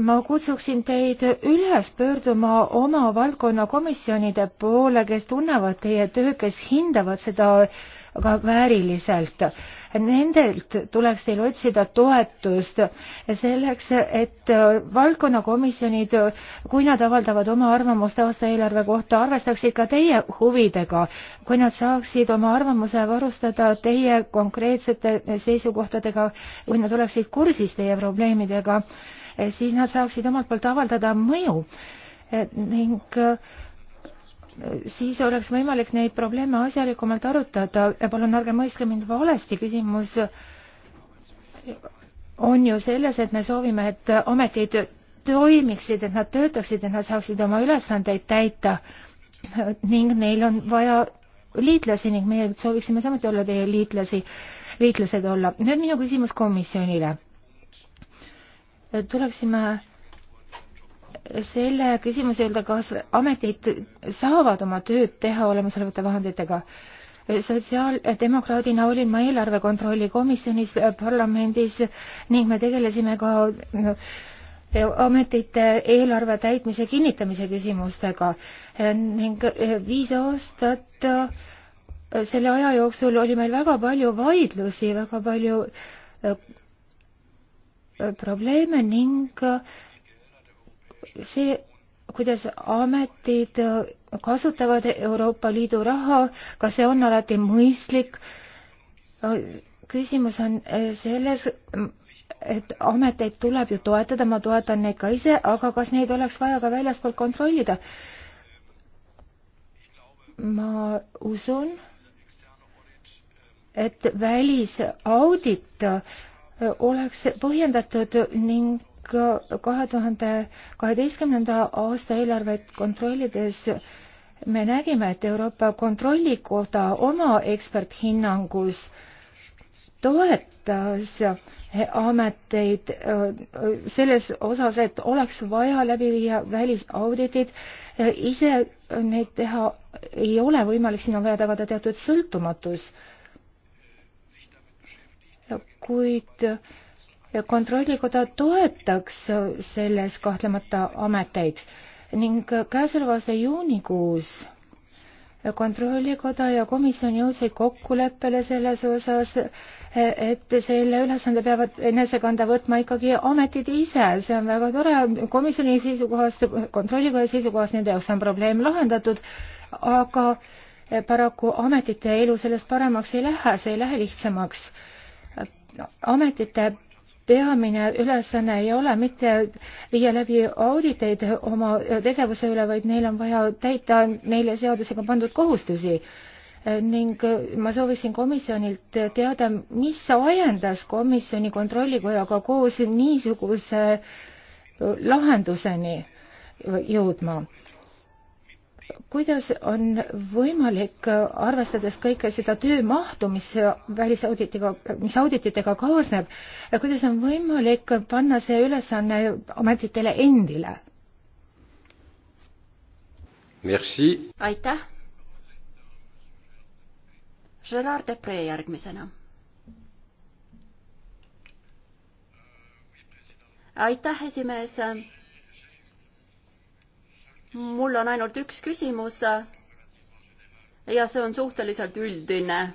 ma kutsuksin teid üles pöörduma oma valdkonna komisjonide poole, kes tunnevad teie tööd, kes hindavad seda ka vääriliselt nendelt tuleks teil otsida toetust selleks, et äh, valdkonnakomisjonid, äh, kui nad avaldavad oma arvamust aastaeelarve kohta, arvestaksid ka teie huvidega, kui nad saaksid oma arvamuse varustada teie konkreetsete seisukohtadega, kui nad oleksid kursis teie probleemidega, siis nad saaksid omalt poolt avaldada mõju äh, ning siis oleks võimalik neid probleeme asjalikumalt arutada. palun ärge mõistke mind valesti, küsimus on ju selles, et me soovime, et ametid toimiksid, et nad töötaksid, et nad saaksid oma ülesandeid täita ning neil on vaja liitlasi ning meie sooviksime samuti olla teie liitlasi, liitlased olla. nüüd minu küsimus komisjonile. tuleksime selle küsimuse juurde, kas ametid saavad oma tööd teha olemasolevate vahenditega. sotsiaaldemokraadina olin ma eelarve kontrolli komisjonis parlamendis ning me tegelesime ka no, ametite eelarve täitmise kinnitamise küsimustega ning viis aastat selle aja jooksul oli meil väga palju vaidlusi, väga palju äh, probleeme ning see, kuidas ametid kasutavad Euroopa Liidu raha, kas see on alati mõistlik? küsimus on selles, et ameteid tuleb ju toetada, ma toetan neid ka ise, aga kas neid oleks vaja ka väljaspoolt kontrollida? ma usun, et välisaudit oleks põhjendatud ning ka kahe tuhande kaheteistkümnenda aasta eelarvet kontrollides me nägime, et Euroopa Kontrollikoda oma eksperthinnangus toetas ameteid äh, selles osas, et oleks vaja läbi viia välisauditid, äh, ise neid teha ei ole võimalik, siin on vaja tagada teatud sõltumatus. kuid kontrollikoda toetaks selles kahtlemata ameteid ning käesoleva aasta juunikuus kontrollikoda ja komisjon jõudsid kokkuleppele selles osas, et selle ülesande peavad enesekanda võtma ikkagi ametid ise, see on väga tore, komisjoni seisukohast, kontrollikoja seisukohast, nende jaoks on probleem lahendatud, aga paraku ametite elu sellest paremaks ei lähe, see ei lähe lihtsamaks. ametite peamine ülesanne ei ole mitte viia läbi auditeid oma tegevuse üle, vaid neil on vaja täita neile seadusega pandud kohustusi. ning ma soovisin komisjonilt teada, mis ajendas komisjoni kontrollikojaga koos niisuguse lahenduseni jõudma kuidas on võimalik, arvestades kõike seda töömahtu, mis välisauditiga, mis audititega kaasneb, kuidas on võimalik panna see ülesanne ametitele endile? aitäh. Gerard Depree järgmisena. aitäh, esimees mul on ainult üks küsimus ja see on suhteliselt üldine.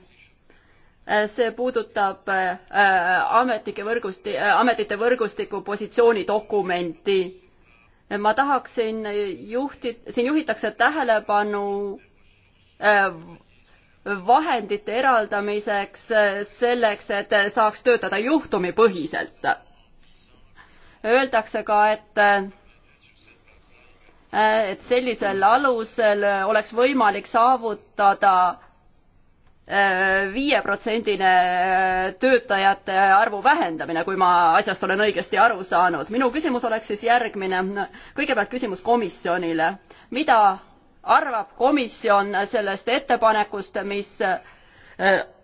see puudutab äh, ametnike võrgusti-, äh, ametite võrgustiku positsioonidokumenti. ma tahaksin juhti-, siin juhitakse tähelepanu äh, vahendite eraldamiseks selleks, et saaks töötada juhtumipõhiselt. Öeldakse ka, et Äh, et sellisel alusel oleks võimalik saavutada äh, viieprotsendine äh, töötajate arvu vähendamine, kui ma asjast olen õigesti aru saanud. minu küsimus oleks siis järgmine. kõigepealt küsimus komisjonile. mida arvab komisjon sellest ettepanekust, mis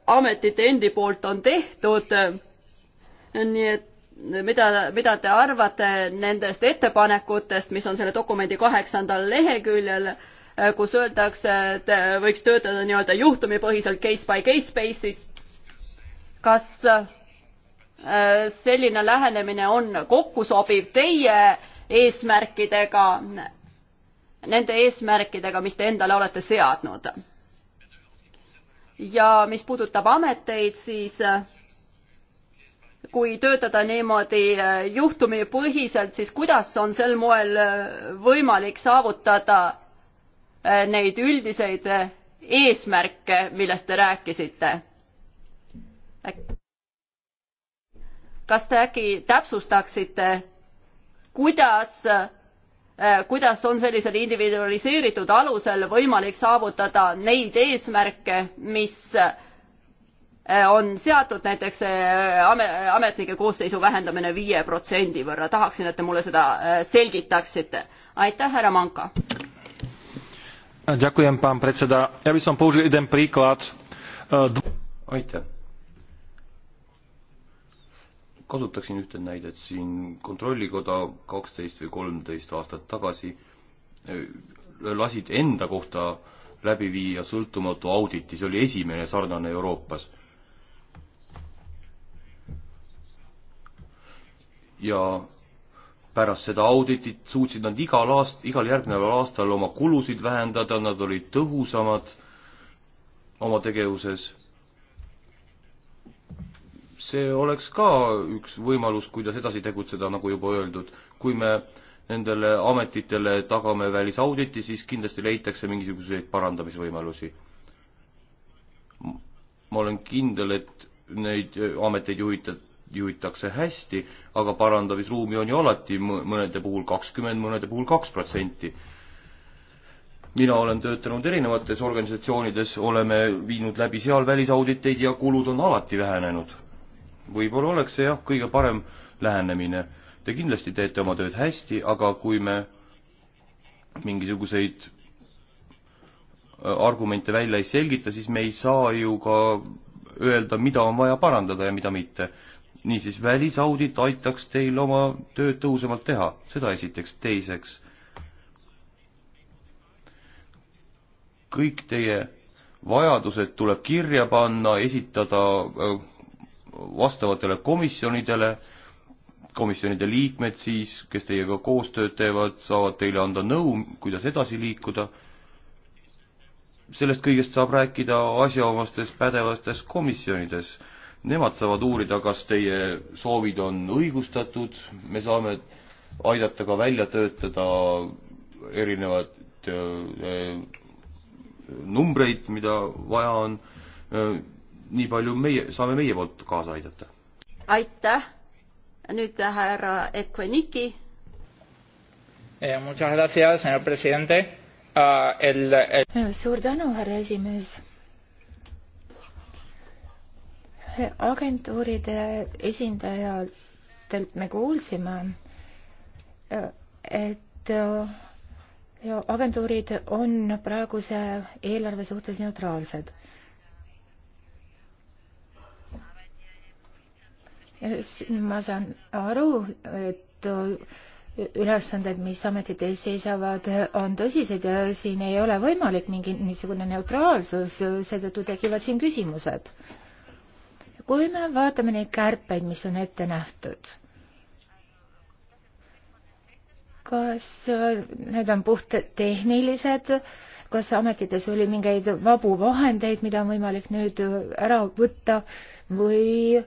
ametite endi poolt on tehtud? nii et mida, mida te arvate nendest ettepanekutest, mis on selle dokumendi kaheksandal leheküljel, kus öeldakse, et võiks töötada nii-öelda juhtumipõhiselt case by case basis. kas äh, selline lähenemine on kokkusobiv teie eesmärkidega, nende eesmärkidega, mis te endale olete seadnud? ja mis puudutab ameteid, siis äh, kui töötada niimoodi äh, juhtumipõhiselt, siis kuidas on sel moel äh, võimalik saavutada äh, neid üldiseid eesmärke, millest te rääkisite? kas te äkki täpsustaksite, kuidas, kuidas on sellisel individualiseeritud alusel võimalik saavutada neid eesmärke, mis Äh, on seatud näiteks äh, ametnike koosseisu vähendamine viie protsendi võrra. tahaksin, et te mulle seda äh, selgitaksite. aitäh, härra Manka. Ďakujem, pán predseda. Ja by som použil jeden príklad. Aitäh. Kasutaksin ühte näidet siin. Kontrollikoda 12 või 13 aastat tagasi lasid enda kohta läbi viia sõltumatu auditi. See oli esimene sarnane Euroopas ja pärast seda auditit suutsid nad igal aast-, igal järgneval aastal oma kulusid vähendada, nad olid tõhusamad oma tegevuses. see oleks ka üks võimalus, kuidas edasi tegutseda, nagu juba öeldud. kui me nendele ametitele tagame välisauditi, siis kindlasti leitakse mingisuguseid parandamisvõimalusi. ma olen kindel, et neid ameteid juhitab juhitakse hästi, aga parandamisruumi on ju alati mõnede puhul kakskümmend, mõnede puhul kaks protsenti. mina olen töötanud erinevates organisatsioonides, oleme viinud läbi seal välisauditeid ja kulud on alati vähenenud. võib-olla oleks see jah, kõige parem lähenemine. Te kindlasti teete oma tööd hästi, aga kui me mingisuguseid äh, argumente välja ei selgita, siis me ei saa ju ka öelda, mida on vaja parandada ja mida mitte niisiis, välisaudit aitaks teil oma tööd tõhusamalt teha, seda esiteks, teiseks. kõik teie vajadused tuleb kirja panna, esitada äh, vastavatele komisjonidele, komisjonide liikmed siis, kes teiega koostööd teevad, saavad teile anda nõu, kuidas edasi liikuda sellest kõigest saab rääkida asjaomastes pädevates komisjonides. Nemad saavad uurida, kas teie soovid on õigustatud, me saame aidata ka välja töötada erinevad äh, numbreid, mida vaja on. Äh, nii palju meie, saame meie poolt kaasa aidata. aitäh. nüüd härra Ekveniki. Eh, muchas gracias, señor presidente. Ah, suur tänu, härra esimees agentuuride esindajatelt me kuulsime, et agentuurid on praeguse eelarve suhtes neutraalsed. ma saan aru, et ülesanded, mis ametite ees seisavad, on tõsised ja siin ei ole võimalik mingi niisugune neutraalsus, seetõttu tekivad siin küsimused kui me vaatame neid kärpeid, mis on ette nähtud, kas need on puht tehnilised, kas ametites oli mingeid vabu vahendeid, mida on võimalik nüüd ära võtta või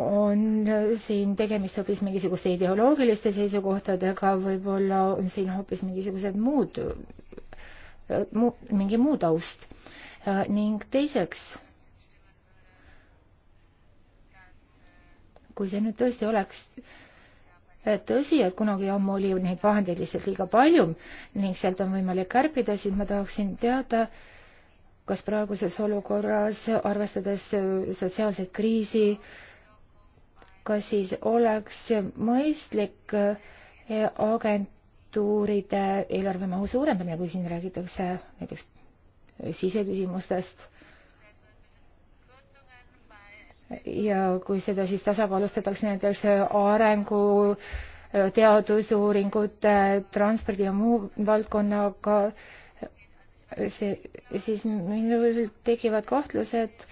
on siin tegemist hoopis mingisuguste ideoloogiliste seisukohtadega, võib-olla on siin hoopis mingisugused muud mu,, mingi muu taust. ning teiseks kui see nüüd tõesti oleks eh, tõsi, et kunagi ammu oli neid vahendeid lihtsalt liiga palju ning sealt on võimalik kärpida, siis ma tahaksin teada, kas praeguses olukorras, arvestades eh, sotsiaalset kriisi, kas siis oleks mõistlik eh, agentuuride eelarvemahu suurendamine, kui siin räägitakse näiteks siseküsimustest ja kui seda siis tasakaalustatakse näiteks arengu, teadusuuringute, transpordi ja muu valdkonnaga, see, siis minul tekivad kahtlused,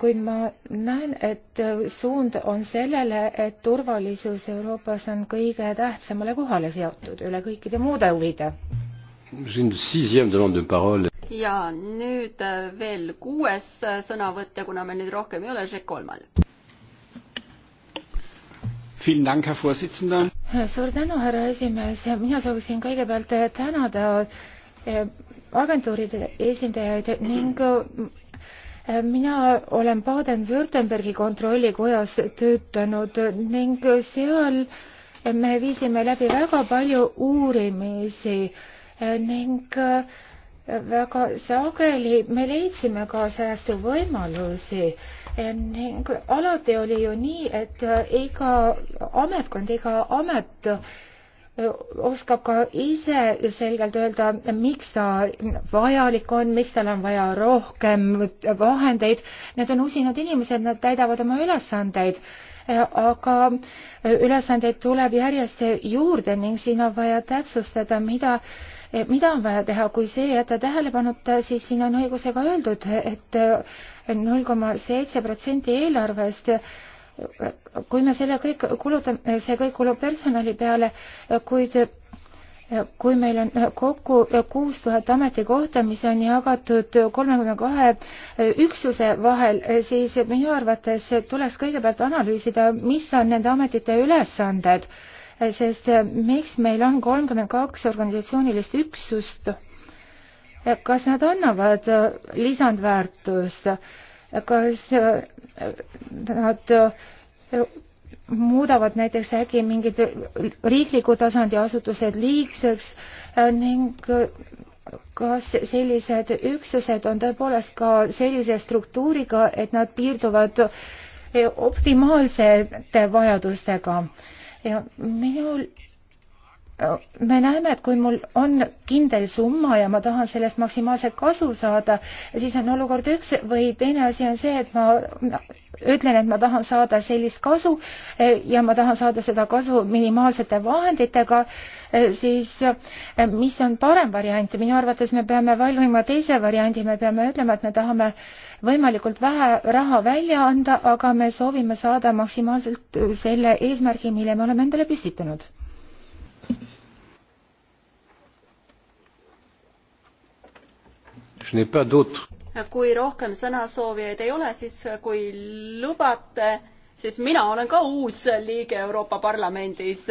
kuid ma näen, et suund on sellele, et turvalisus Euroopas on kõige tähtsamale kohale seotud üle kõikide muude huvide ja nüüd äh, veel kuues äh, sõnavõtja, kuna meil neid rohkem ei ole, Žek Olmal. suur tänu, härra esimees, mina sooviksin kõigepealt äh, tänada agentuuride esindajaid ning mina olen Baden-Württembergi kontrollikojas töötanud ning seal me viisime läbi väga palju uurimisi ning äh, väga sageli me leidsime ka säästuvõimalusi ning alati oli ju nii, et iga ametkond, iga amet oskab ka ise selgelt öelda, miks ta vajalik on, miks tal on vaja rohkem vahendeid. Need on usinad inimesed, nad täidavad oma ülesandeid, aga ülesandeid tuleb järjest juurde ning siin on vaja täpsustada, mida Eh, mida on vaja teha, kui see jätta tähelepanuta, siis siin on õigusega öeldud et, et eh, null koma seitse protsenti eelarvest eh, kui me selle kõik kulutame, see kõik kulub personali peale, kuid kui meil on kokku kuus tuhat ametikohta, mis on jagatud kolmekümne kahe üksuse vahel, siis minu arvates tuleks kõigepealt analüüsida, mis on nende ametite ülesanded sest eh, miks meil on kolmkümmend kaks organisatsioonilist üksust, eh, kas nad annavad eh, lisandväärtust, kas nad muudavad näiteks äkki mingid riikliku tasandi asutused liigseks ning kas sellised üksused on tõepoolest ka sellise struktuuriga, et nad piirduvad optimaalsete vajadustega ja minul me näeme, et kui mul on kindel summa ja ma tahan sellest maksimaalset kasu saada, siis on olukord üks või teine asi on see, et ma ütlen, et ma tahan saada sellist kasu ja ma tahan saada seda kasu minimaalsete vahenditega, siis mis on parem variant? minu arvates me peame valima teise variandi, me peame ütlema, et me tahame äh, võimalikult vähe raha välja anda, aga me soovime saada maksimaalselt selle eesmärgi, mille me oleme endale püstitanud. kui rohkem sõnasoovijaid ei ole, siis kui lubate, siis mina olen ka uus liige Euroopa Parlamendis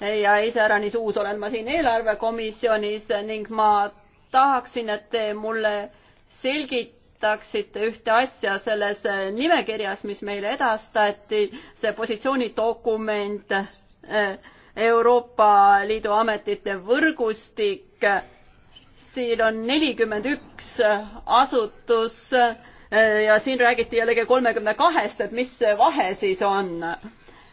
ja iseäranis uus olen ma siin eelarvekomisjonis ning ma tahaksin, et te mulle selgit-, selgitaksite ühte asja selles äh, nimekirjas, mis meile edastati, see positsioonidokument äh, Euroopa Liidu ametite võrgustik. siin on nelikümmend üks äh, asutus ja siin räägiti jällegi kolmekümne kahest, et mis see vahe siis on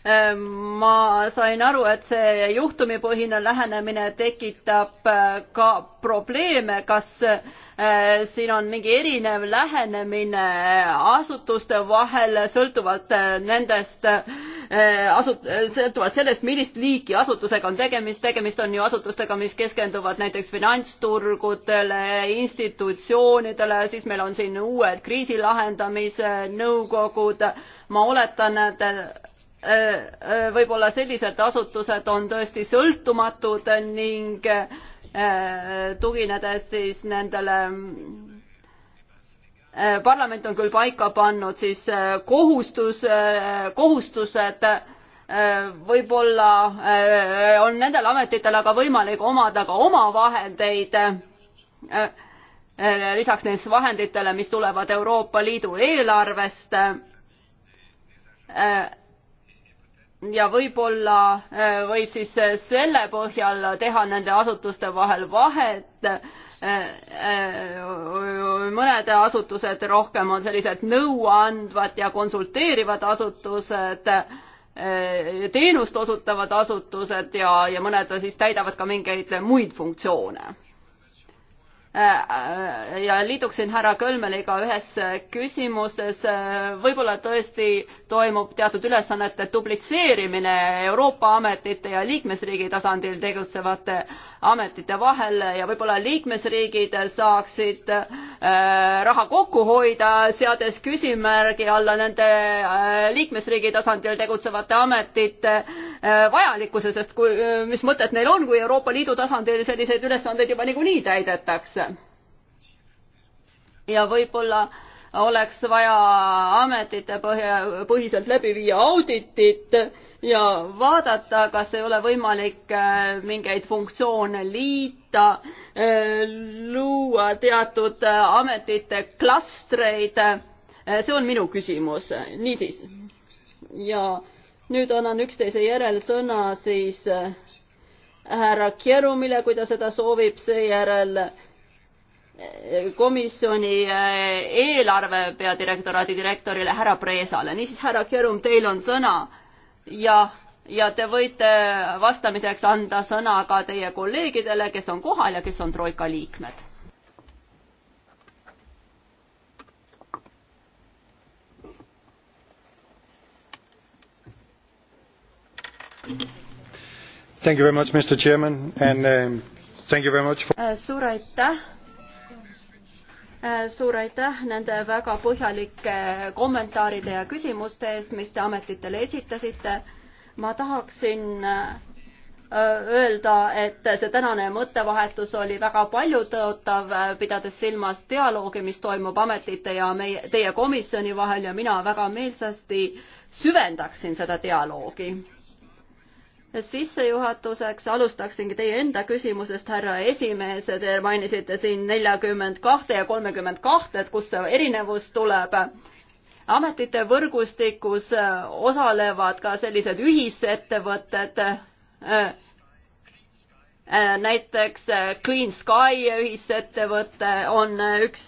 Ehm, ma sain aru, et see juhtumipõhine lähenemine tekitab äh, ka probleeme, kas äh, siin on mingi erinev lähenemine äh, asutuste vahel sõltuvalt nendest asu-, sõltuvalt sellest, millist liiki asutusega on tegemist, tegemist on ju asutustega, mis keskenduvad näiteks finantsturgudele, institutsioonidele, siis meil on siin uued kriisi lahendamise nõukogud, ma oletan, et Äh, äh, võib-olla sellised asutused on tõesti sõltumatud ning äh, tuginedes siis nendele parlament on küll paika pannud siis kohustus, kohustused, võib-olla on nendel ametitel aga võimalik omada ka omavahendeid lisaks neis vahenditele, mis tulevad Euroopa Liidu eelarvest ja võib-olla äh, võib siis äh, selle põhjal teha nende asutuste vahel vahet. Äh, mõned asutused rohkem on sellised nõuandvad ja konsulteerivad asutused, teenust osutavad asutused ja, ja mõned siis täidavad ka mingeid muid funktsioone Äh, äh, ja liiduksin härra Kölmeliga ühes äh, küsimuses, võib-olla tõesti toimub teatud ülesannete dublitseerimine Euroopa ametite ja liikmesriigi tasandil tegutsevate ametite vahel ja võib-olla liikmesriigid saaksid raha kokku hoida, seades küsimärgi alla nende liikmesriigi tasandil tegutsevate ametite vajalikkuse, sest kui, mis mõtet neil on, kui Euroopa Liidu tasandil selliseid ülesandeid juba niikuinii täidetakse ja võib-olla oleks vaja ametite põhja, põhiselt läbi viia auditit ja vaadata, kas ei ole võimalik äh, mingeid funktsioone liita, äh, luua teatud äh, ametite klastreid. see on minu küsimus, niisiis. ja nüüd annan üksteise järel sõna siis härra Kjerumile, kui ta seda soovib, seejärel äh, komisjoni eh, eelarve peadirektoraadi direktorile härra Preesale. niisiis, härra Kerum, teil on sõna ja, ja te võite vastamiseks anda sõna ka teie kolleegidele, kes on kohal ja kes on Troika liikmed. Thank you very much, Mr Chairman and um, thank you very much for eh, suur aitäh Äh, suur aitäh nende väga põhjalike kommentaaride ja küsimuste eest, mis te ametitele esitasite. ma tahaksin äh, öelda, et see tänane mõttevahetus oli väga paljutõotav, äh, pidades silmas dialoogi, mis toimub ametite ja meie, teie komisjoni vahel ja mina väga meelsasti süvendaksin seda dialoogi sissejuhatuseks alustaksingi teie enda küsimusest, härra esimees, te mainisite siin neljakümmend kahte ja kolmekümmend kahte, et kust see erinevus tuleb. ametite võrgustikus äh, osalevad ka sellised ühisettevõtted, äh, äh, näiteks Clean Sky ühisettevõte on üks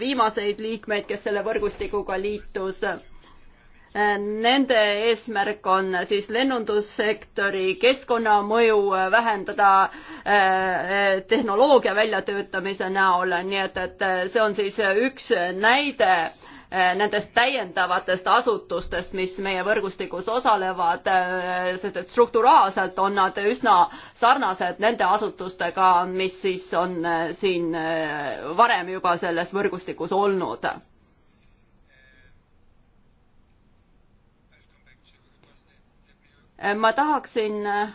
viimaseid liikmeid, kes selle võrgustikuga liitus Nende eesmärk on siis lennundussektori keskkonnamõju vähendada eh, tehnoloogia väljatöötamise näol, nii et, et see on siis üks näide eh, nendest täiendavatest asutustest, mis meie võrgustikus osalevad, eh, sest et strukturaalselt on nad üsna sarnased nende asutustega, mis siis on siin varem juba selles võrgustikus olnud Äh, ma tahaksin äh,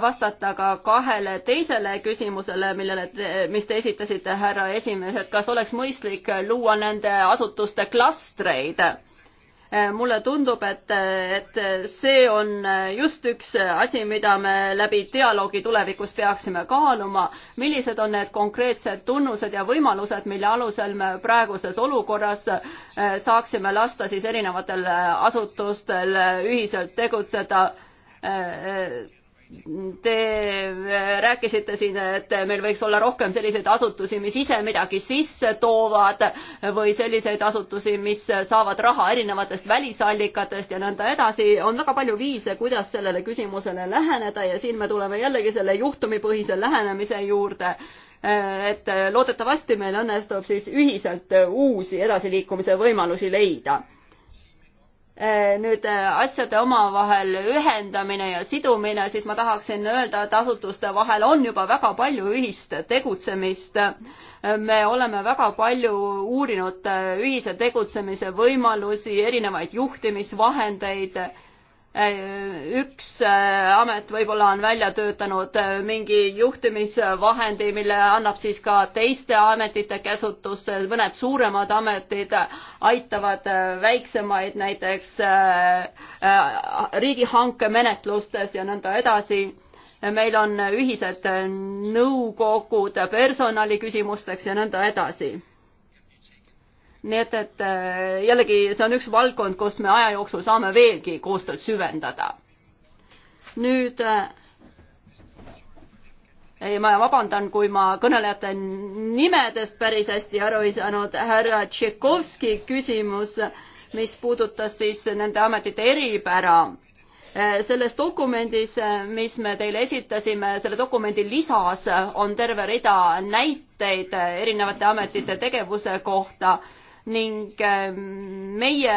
vastata ka kahele teisele küsimusele, millele, mis te esitasite, härra esimees, et kas oleks mõistlik luua nende asutuste klastreid Eh, mulle tundub, et, et see on eh, just üks asi, mida me läbi dialoogi tulevikus peaksime kaaluma, millised on need konkreetsed tunnused ja võimalused, mille alusel me praeguses olukorras eh, saaksime lasta siis erinevatel asutustel ühiselt tegutseda Te äh, rääkisite siin, et meil võiks olla rohkem selliseid asutusi, mis ise midagi sisse toovad või selliseid asutusi, mis saavad raha erinevatest välisallikatest ja nõnda edasi. on väga palju viise, kuidas sellele küsimusele läheneda ja siin me tuleme jällegi selle juhtumipõhise lähenemise juurde äh, et loodetavasti meil õnnestub siis ühiselt uusi edasiliikumise võimalusi leida Äh, nüüd äh, asjade omavahel ühendamine ja sidumine, siis ma tahaksin öelda, et asutuste vahel on juba väga palju ühist tegutsemist. Äh, me oleme väga palju uurinud ühise tegutsemise võimalusi, erinevaid juhtimisvahendeid üks äh, amet võib-olla on välja töötanud äh, mingi juhtimisvahendi, mille annab siis ka teiste ametite käsutusse, mõned suuremad ametid aitavad äh, väiksemaid näiteks riigihanke menetlustes ja nõnda edasi. meil on ühised nõukogud personaliküsimusteks ja nõnda edasi nii et, et äh, jällegi see on üks valdkond, kus me aja jooksul saame veelgi koostööd süvendada. nüüd äh, ei, ma vabandan, kui ma kõnelejate nimedest päris hästi aru ei saanud, härra Tšekovski küsimus, mis puudutas siis nende ametite eripära. Äh, selles dokumendis, mis me teile esitasime, selle dokumendi lisas on terve rida näiteid erinevate ametite tegevuse kohta ning ähm, meie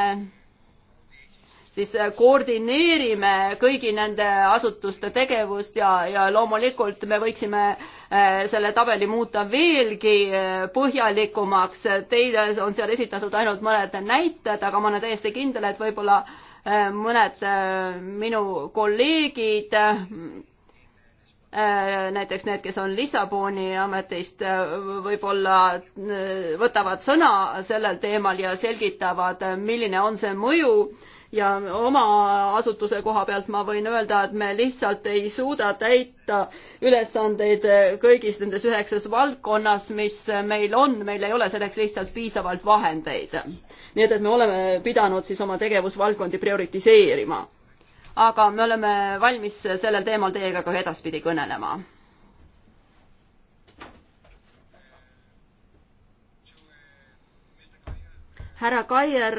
siis äh, koordineerime kõigi nende asutuste tegevust ja, ja loomulikult me võiksime äh, selle tabeli muuta veelgi äh, põhjalikumaks. Teile on seal esitatud ainult mõned näited, aga ma olen täiesti kindel, et võib-olla mõned minu kolleegid Äh, näiteks need, kes on Lissaboni ametist, äh, võib-olla äh, võtavad sõna sellel teemal ja selgitavad, milline on see mõju ja oma asutuse koha pealt ma võin öelda, et me lihtsalt ei suuda täita ülesandeid kõigis nendes üheksas valdkonnas, mis meil on, meil ei ole selleks lihtsalt piisavalt vahendeid. nii et, et me oleme pidanud siis oma tegevusvaldkondi prioritiseerima aga me oleme valmis sellel teemal teiega ka edaspidi kõnelema. härra Kaier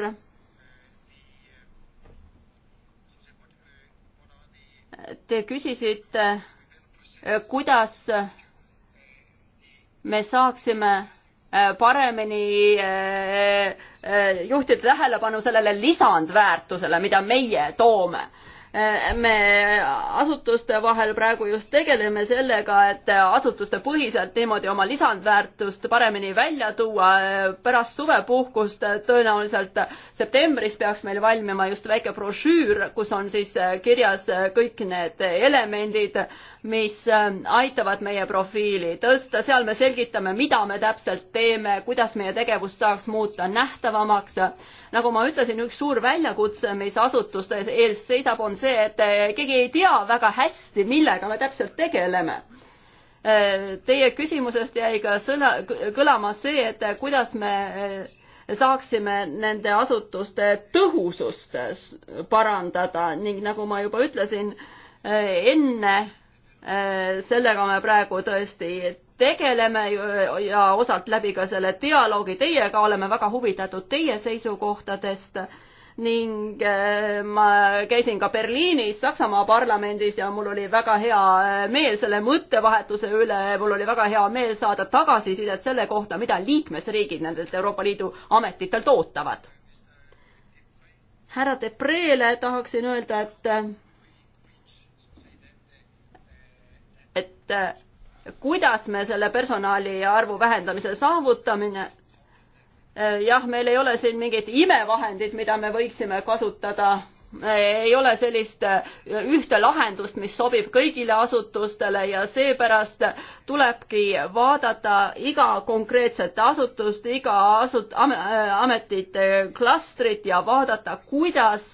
te küsisite, kuidas me saaksime paremini eh, eh, juhtida tähelepanu sellele lisandväärtusele, mida meie toome me asutuste vahel praegu just tegeleme sellega, et asutuste põhiselt niimoodi oma lisandväärtust paremini välja tuua. pärast suvepuhkust tõenäoliselt septembris peaks meil valmima just väike brošüür, kus on siis kirjas kõik need elemendid, mis ähm, aitavad meie profiili tõsta, seal me selgitame, mida me täpselt teeme, kuidas meie tegevust saaks muuta nähtavamaks. nagu ma ütlesin, üks suur väljakutse, mis asutuste ees seisab, on see, et äh, keegi ei tea väga hästi, millega me täpselt tegeleme. Äh, teie küsimusest jäi ka sõna, kõlama see, et äh, kuidas me saaksime nende asutuste tõhusust parandada ning nagu ma juba ütlesin, enne Äh, sellega me praegu tõesti tegeleme ja osalt läbi ka selle dialoogi teiega, oleme väga huvitatud teie seisukohtadest ning äh, ma käisin ka Berliinis Saksamaa parlamendis ja mul oli väga hea äh, meel selle mõttevahetuse üle, mul oli väga hea meel saada tagasisidet selle kohta, mida liikmesriigid nendelt Euroopa Liidu ametitelt ootavad. härra Depreele tahaksin öelda, et et äh, kuidas me selle personali arvu vähendamise saavutamine, äh, jah, meil ei ole siin mingit imevahendit, mida me võiksime kasutada, ei ole sellist äh, ühte lahendust, mis sobib kõigile asutustele ja seepärast tulebki vaadata iga konkreetset asutust, iga asut-, ametit, klastrit ja vaadata, kuidas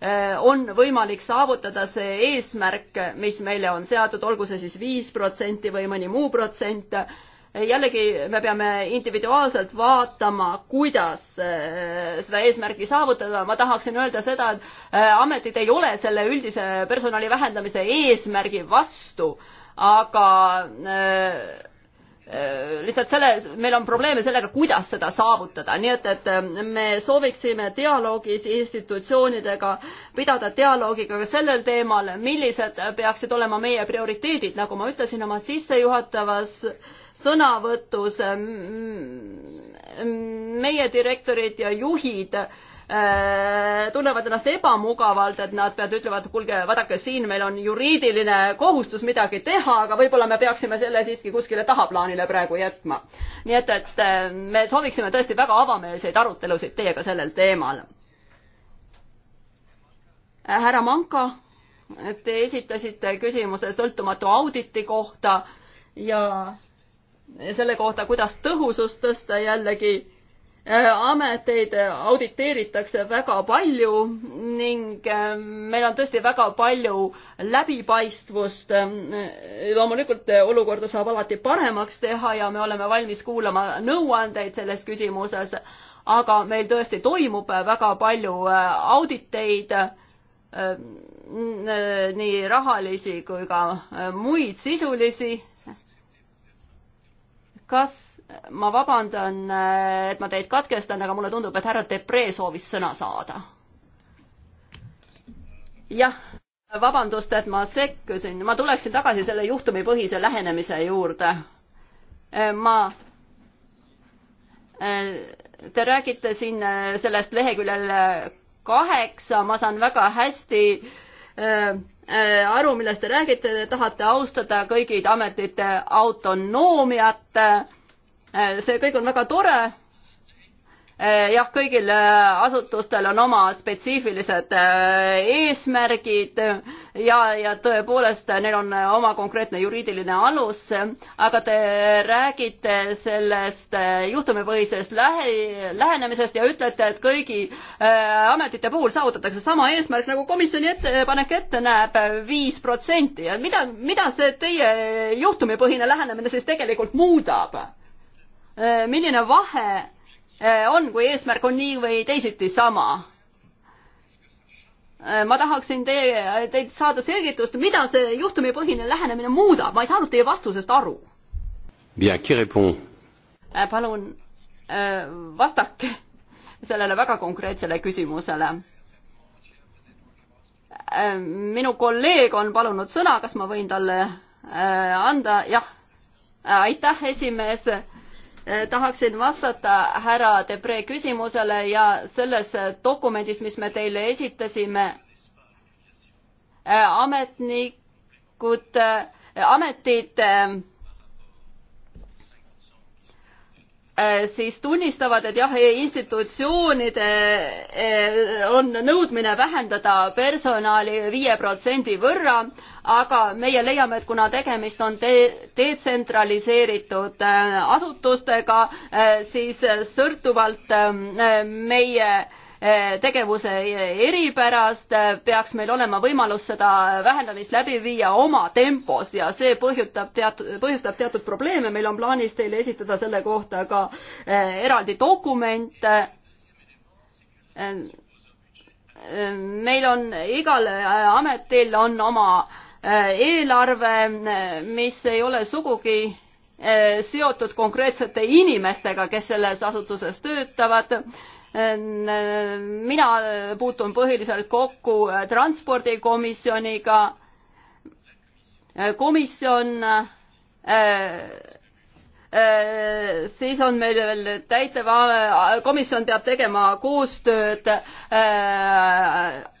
Äh, on võimalik saavutada see eesmärk, mis meile on seatud, olgu see siis viis protsenti või mõni muu protsent. Äh, jällegi me peame individuaalselt vaatama, kuidas äh, seda eesmärki saavutada. ma tahaksin öelda seda, et ametid ei ole selle üldise personali vähendamise eesmärgi vastu, aga Äh, lihtsalt selle, meil on probleeme sellega, kuidas seda saavutada, nii et, et äh, me sooviksime dialoogis institutsioonidega pidada dialoogiga ka sellel teemal, millised peaksid olema meie prioriteedid, nagu ma ütlesin oma sissejuhatavas sõnavõtus, meie direktorid ja juhid Äh, tunnevad ennast ebamugavalt, et nad peavad ütlema, et kuulge, vaadake siin, meil on juriidiline kohustus midagi teha, aga võib-olla me peaksime selle siiski kuskile tahaplaanile praegu jätma. nii et, et äh, me sooviksime tõesti väga avameelseid arutelusid teiega sellel teemal. Äh, härra Manka, te esitasite küsimuse sõltumatu auditi kohta ja selle kohta, kuidas tõhusust tõsta jällegi ameteid auditeeritakse väga palju ning äh, meil on tõesti väga palju läbipaistvust. loomulikult olukorda saab alati paremaks teha ja me oleme valmis kuulama nõuandeid selles küsimuses, aga meil tõesti toimub väga palju äh, auditeid, äh, nii rahalisi kui ka muid sisulisi. kas ma vabandan, et ma teid katkestan, aga mulle tundub, et härra Depree soovis sõna saada. jah, vabandust, et ma sekkusin, ma tuleksin tagasi selle juhtumipõhise lähenemise juurde. Äh, ma, äh, te räägite siin äh, sellest leheküljel kaheksa, ma saan väga hästi aru, millest te räägite, te tahate austada kõigi ametite autonoomiat Eh, see kõik on väga tore. Eh, jah, kõigil eh, asutustel on oma spetsiifilised eesmärgid ja, ja tõepoolest, neil on oma konkreetne juriidiline alus, aga te räägite sellest juhtumipõhisest lähe, lähenemisest ja ütlete, et kõigi ametite puhul saavutatakse sama eesmärk, nagu komisjoni ettepanek ette näeb, viis protsenti ja mida, mida see teie juhtumipõhine lähenemine siis tegelikult muudab? Äh, milline vahe äh, on, kui eesmärk on nii või teisiti sama? Äh, ma tahaksin teie, teilt saada selgitust, mida see juhtumipõhine lähenemine muudab, ma ei saanud teie vastusest aru. palun vastake sellele väga konkreetsele küsimusele. minu kolleeg on palunud sõna, kas ma võin talle anda, jah. aitäh, esimees Eh, tahaksin vastata härra Debre küsimusele ja selles eh, dokumendis, mis me teile esitasime, eh, ametnikud, ametid Äh, siis tunnistavad, et jah, institutsioonide äh, on nõudmine vähendada personali viie protsendi võrra, aga meie leiame, et kuna tegemist on de-, detsentraliseeritud äh, asutustega, siis sõltuvalt meie Eh, tegevuse eripärast eh, peaks meil olema võimalus seda vähendamist läbi viia oma tempos ja see põhjutab teatud, põhjustab teatud probleeme, meil on plaanis teile esitada selle kohta ka eh, eraldi dokument. meil on igal ametil on oma eelarve, mis ei ole sugugi seotud konkreetsete inimestega, kes selles asutuses töötavad mina puutun põhiliselt kokku transpordikomisjoniga. komisjon äh, äh, siis on meil veel täitev, komisjon peab tegema koostööd äh,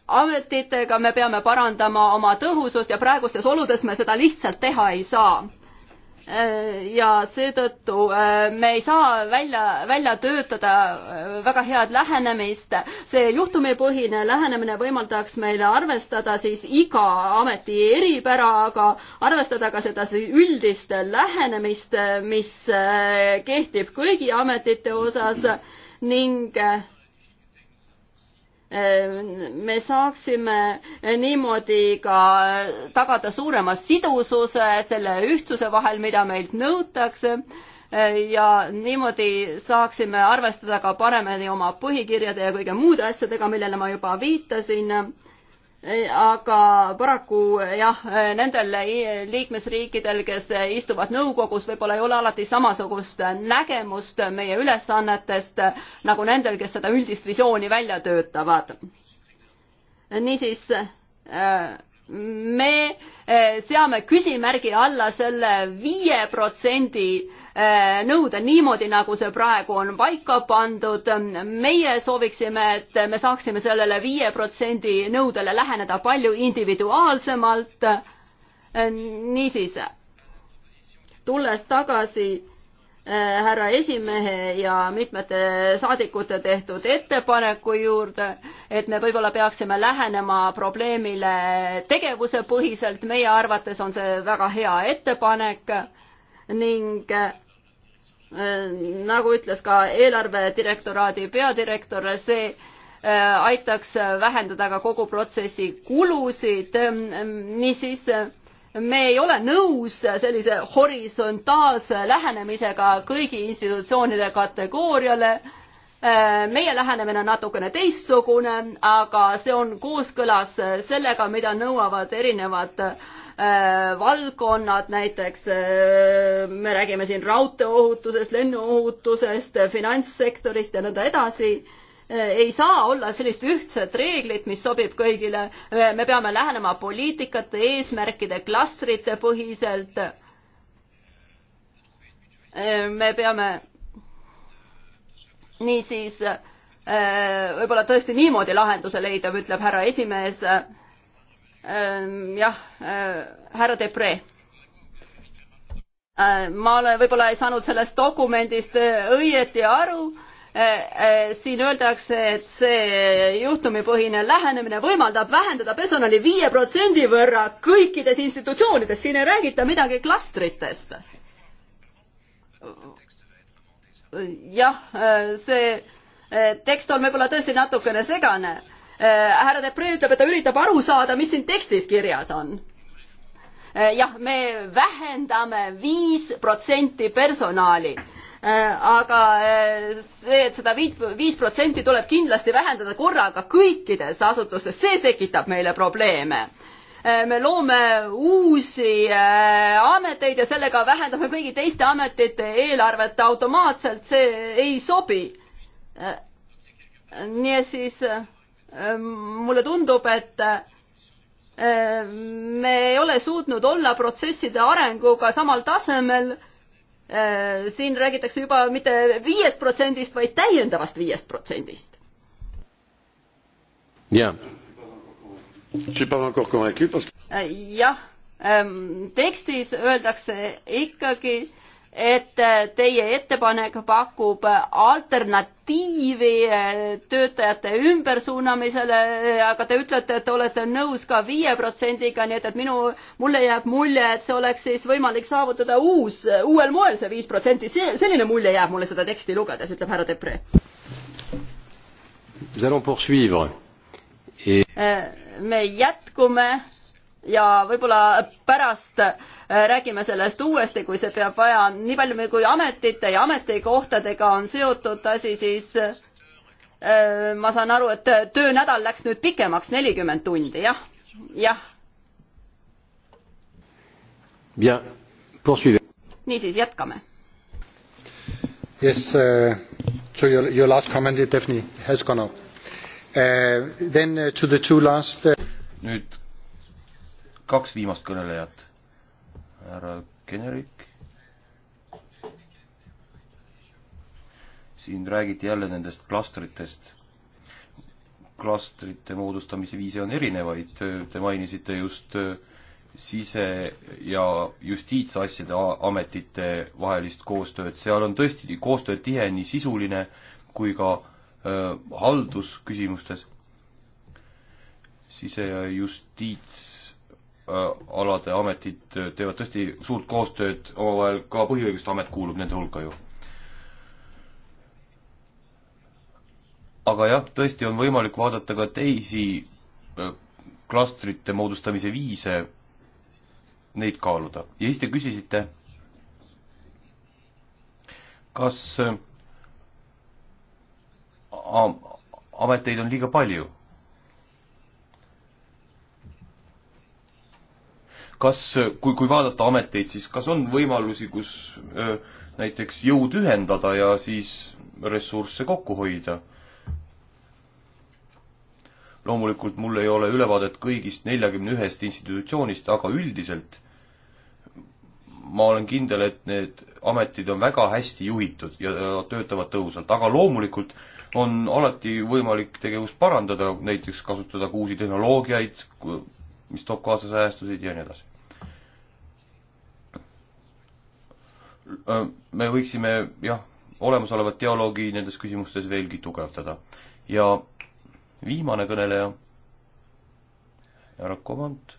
ametitega, me peame parandama oma tõhusust ja praegustes oludes me seda lihtsalt teha ei saa Äh, ja seetõttu äh, me ei saa välja, välja töötada äh, väga head lähenemist. see juhtumipõhine lähenemine võimaldaks meile arvestada siis iga ameti eripära, aga arvestada ka seda üldist lähenemist, mis kehtib kõigi ametite osas ning me saaksime niimoodi ka tagada suurema sidususe selle ühtsuse vahel, mida meilt nõutakse ja niimoodi saaksime arvestada ka paremini oma põhikirjade ja kõige muude asjadega, millele ma juba viitasin aga paraku jah, nendel liikmesriikidel, kes istuvad nõukogus, võib-olla ei ole alati samasugust nägemust meie ülesannetest nagu nendel, kes seda üldist visiooni välja töötavad. niisiis me seame küsimärgi alla selle viie protsendi Äh, nõuda niimoodi, nagu see praegu on paika pandud. meie sooviksime, et me saaksime sellele viie protsendi nõudele läheneda palju individuaalsemalt. Äh, niisiis, tulles tagasi äh, härra esimehe ja mitmete saadikute tehtud ettepaneku juurde, et me võib-olla peaksime lähenema probleemile tegevusepõhiselt, meie arvates on see väga hea ettepanek ning nagu ütles ka eelarvedirektoraadi peadirektor, see äh, aitaks vähendada ka kogu protsessi kulusid, niisiis me ei ole nõus sellise horisontaalse lähenemisega kõigi institutsioonide kategooriale. Äh, meie lähenemine on natukene teistsugune, aga see on kooskõlas sellega, mida nõuavad erinevad äh, Äh, valdkonnad, näiteks äh, me räägime siin raudteeohutusest, lennuohutusest, finantssektorist ja nõnda edasi äh, ei saa olla sellist ühtset reeglit, mis sobib kõigile. me peame lähenema poliitikate, eesmärkide, klastrite põhiselt. me peame niisiis võib-olla tõesti niimoodi lahenduse leida, ütleb härra esimees Ähm, jah, äh, härra Debre. Äh, ma olen, võib-olla ei saanud sellest dokumendist äh, õieti aru. siin öeldakse, et see juhtumipõhine lähenemine võimaldab vähendada personali viie protsendi võrra kõikides institutsioonides, siin ei räägita midagi klastritest. jah, see tekst on võib-olla tõesti natukene segane Äh, härra Depree ütleb, et ta üritab aru saada, mis siin tekstis kirjas on äh, jah, me vähendame viis protsenti personali, äh, aga see, et seda viit, viis protsenti tuleb kindlasti vähendada korraga kõikides asutustes, see tekitab meile probleeme. me loome uusi ameteid ja sellega vähendame kõigi teiste ametite eelarvet automaatselt, see ei sobi. nii et siis Ehm, mulle tundub, et ehm, me ei ole suutnud olla protsesside arenguga samal tasemel. Ehm, siin räägitakse juba mitte viiest protsendist, vaid täiendavast viiest protsendist. jah. jah, tekstis öeldakse ikkagi et äh, teie ettepanek pakub alternatiivi äh, töötajate ümbersuunamisele, äh, aga te ütlete, et olete nõus ka viie protsendiga, nii et, et minu, mulle jääb mulje, et see oleks siis võimalik saavutada uus, uuel moel see viis protsenti, see, selline mulje jääb mulle seda teksti lugedes, ütleb härra Depre. me jätkume ja võib-olla pärast äh, räägime sellest uuesti, kui see peab vaja, nii palju kui ametite ja ametikohtadega on seotud asi, siis äh, ma saan aru, et töönädal läks nüüd pikemaks, nelikümmend tundi ja?, jah, jah. niisiis, jätkame. Yes uh,, so your, your last comment definitely has gone up uh,. Then uh, to the two last uh.... nüüd kaks viimast kõnelejat. härra Generik. siin räägiti jälle nendest klastritest. klastrite moodustamise viise on erinevaid, te mainisite just äh, sise- ja justiitsasjade ametite vahelist koostööd, seal on tõesti koostöö tihe nii sisuline kui ka äh, haldusküsimustes sise- ja justiits Äh, alade ametid äh, teevad tõesti suurt koostööd omavahel, ka Põhiõiguste Amet kuulub nende hulka ju. aga jah, tõesti on võimalik vaadata ka teisi äh, klastrite moodustamise viise, neid kaaluda. ja siis te küsisite, kas ameteid on liiga palju kas, kui, kui vaadata ameteid, siis kas on võimalusi, kus näiteks jõud ühendada ja siis ressursse kokku hoida? loomulikult mul ei ole ülevaadet kõigist neljakümne ühest institutsioonist, aga üldiselt ma olen kindel, et need ametid on väga hästi juhitud ja töötavad tõhusalt, aga loomulikult on alati võimalik tegevust parandada, näiteks kasutada uusi tehnoloogiaid, mis toob kaasa säästusid ja nii edasi. me võiksime jah, olemasolevat dialoogi nendes küsimustes veelgi tugevdada. ja viimane kõneleja, härra Komand.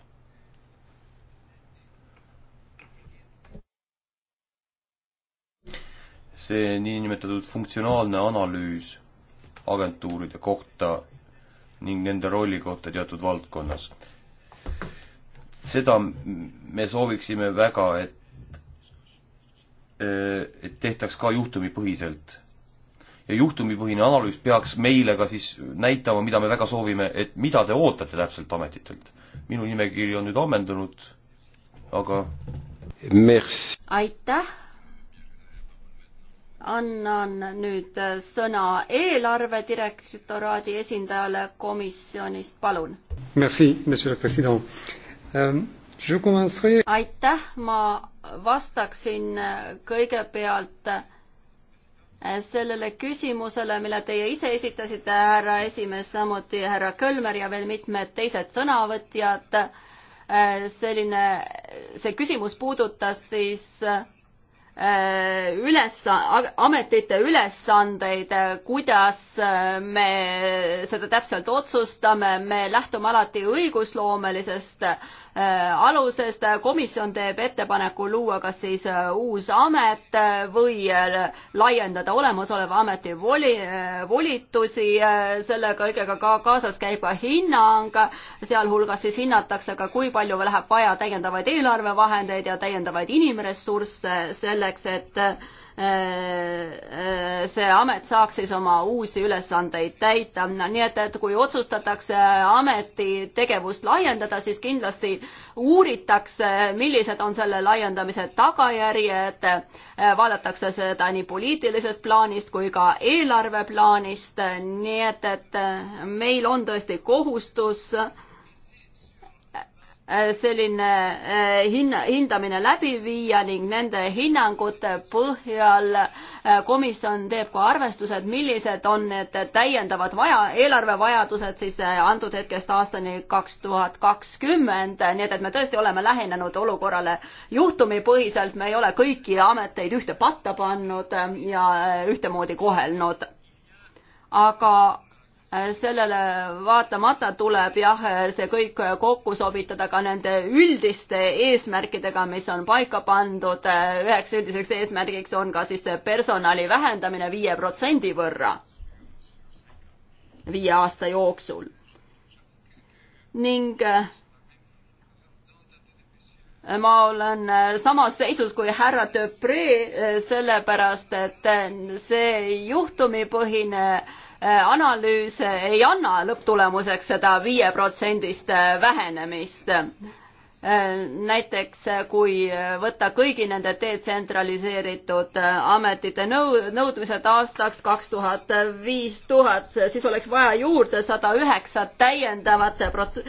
see niinimetatud funktsionaalne analüüs agentuuride kohta ning nende rolli kohta teatud valdkonnas. seda me sooviksime väga, et Äh, tehtaks ka juhtumipõhiselt. ja juhtumipõhine analüüs peaks meile ka siis näitama, mida me väga soovime, et mida te ootate täpselt ametitelt. minu nimekiri on nüüd ammendunud, aga Merci. aitäh! annan nüüd sõna eelarve direktoraadi esindajale komisjonist, palun. Merci, monsieur le president um,. Euh, je commencerai... aitäh, ma vastaksin äh, kõigepealt äh, sellele küsimusele, mille teie ise esitasite, härra esimees, samuti härra Kölmer ja veel mitmed teised sõnavõtjad. Äh, selline, see küsimus puudutas siis üles, ametite ülesandeid, kuidas me seda täpselt otsustame, me lähtume alati õigusloomelisest Äh, alusest. komisjon teeb ettepaneku luua kas siis äh, uus amet äh, või laiendada olemasoleva ameti voli, volitusi. selle kõigega ka kaasas käib ka hinnang, sealhulgas siis hinnatakse ka, kui palju läheb vaja täiendavaid eelarvevahendeid ja täiendavaid inimressursse selleks, et Äh, äh, see amet saaks siis oma uusi ülesandeid täita, nii et, et kui otsustatakse ameti tegevust laiendada, siis kindlasti uuritakse, millised on selle laiendamise tagajärjed, äh, vaadatakse seda nii poliitilisest plaanist kui ka eelarveplaanist, nii et, et meil on tõesti kohustus äh, Äh, selline äh, hinna, hindamine läbi viia ning nende hinnangute põhjal äh, komisjon teeb ka arvestused, millised on need täiendavad vaja, eelarvevajadused siis antud hetkest aastani kaks tuhat kakskümmend, nii et, et me tõesti oleme lähenenud olukorrale juhtumipõhiselt, me ei ole kõiki ameteid ühte patta pannud ja ühtemoodi kohelnud. aga sellele vaatamata tuleb jah, see kõik kokku sobitada ka nende üldiste eesmärkidega, mis on paika pandud. üheks üldiseks eesmärgiks on ka siis personali vähendamine viie protsendi võrra viie aasta jooksul. ning ma olen äh, samas seisus kui härra Depree, äh, sellepärast et äh, see juhtumipõhine analüüs ei anna lõpptulemuseks seda viieprotsendist vähenemist näiteks kui võtta kõigi nende detsentraliseeritud ametite nõu-, nõudmised aastaks kaks tuhat viis tuhat, siis oleks vaja juurde sada üheksa täiendavat prots-,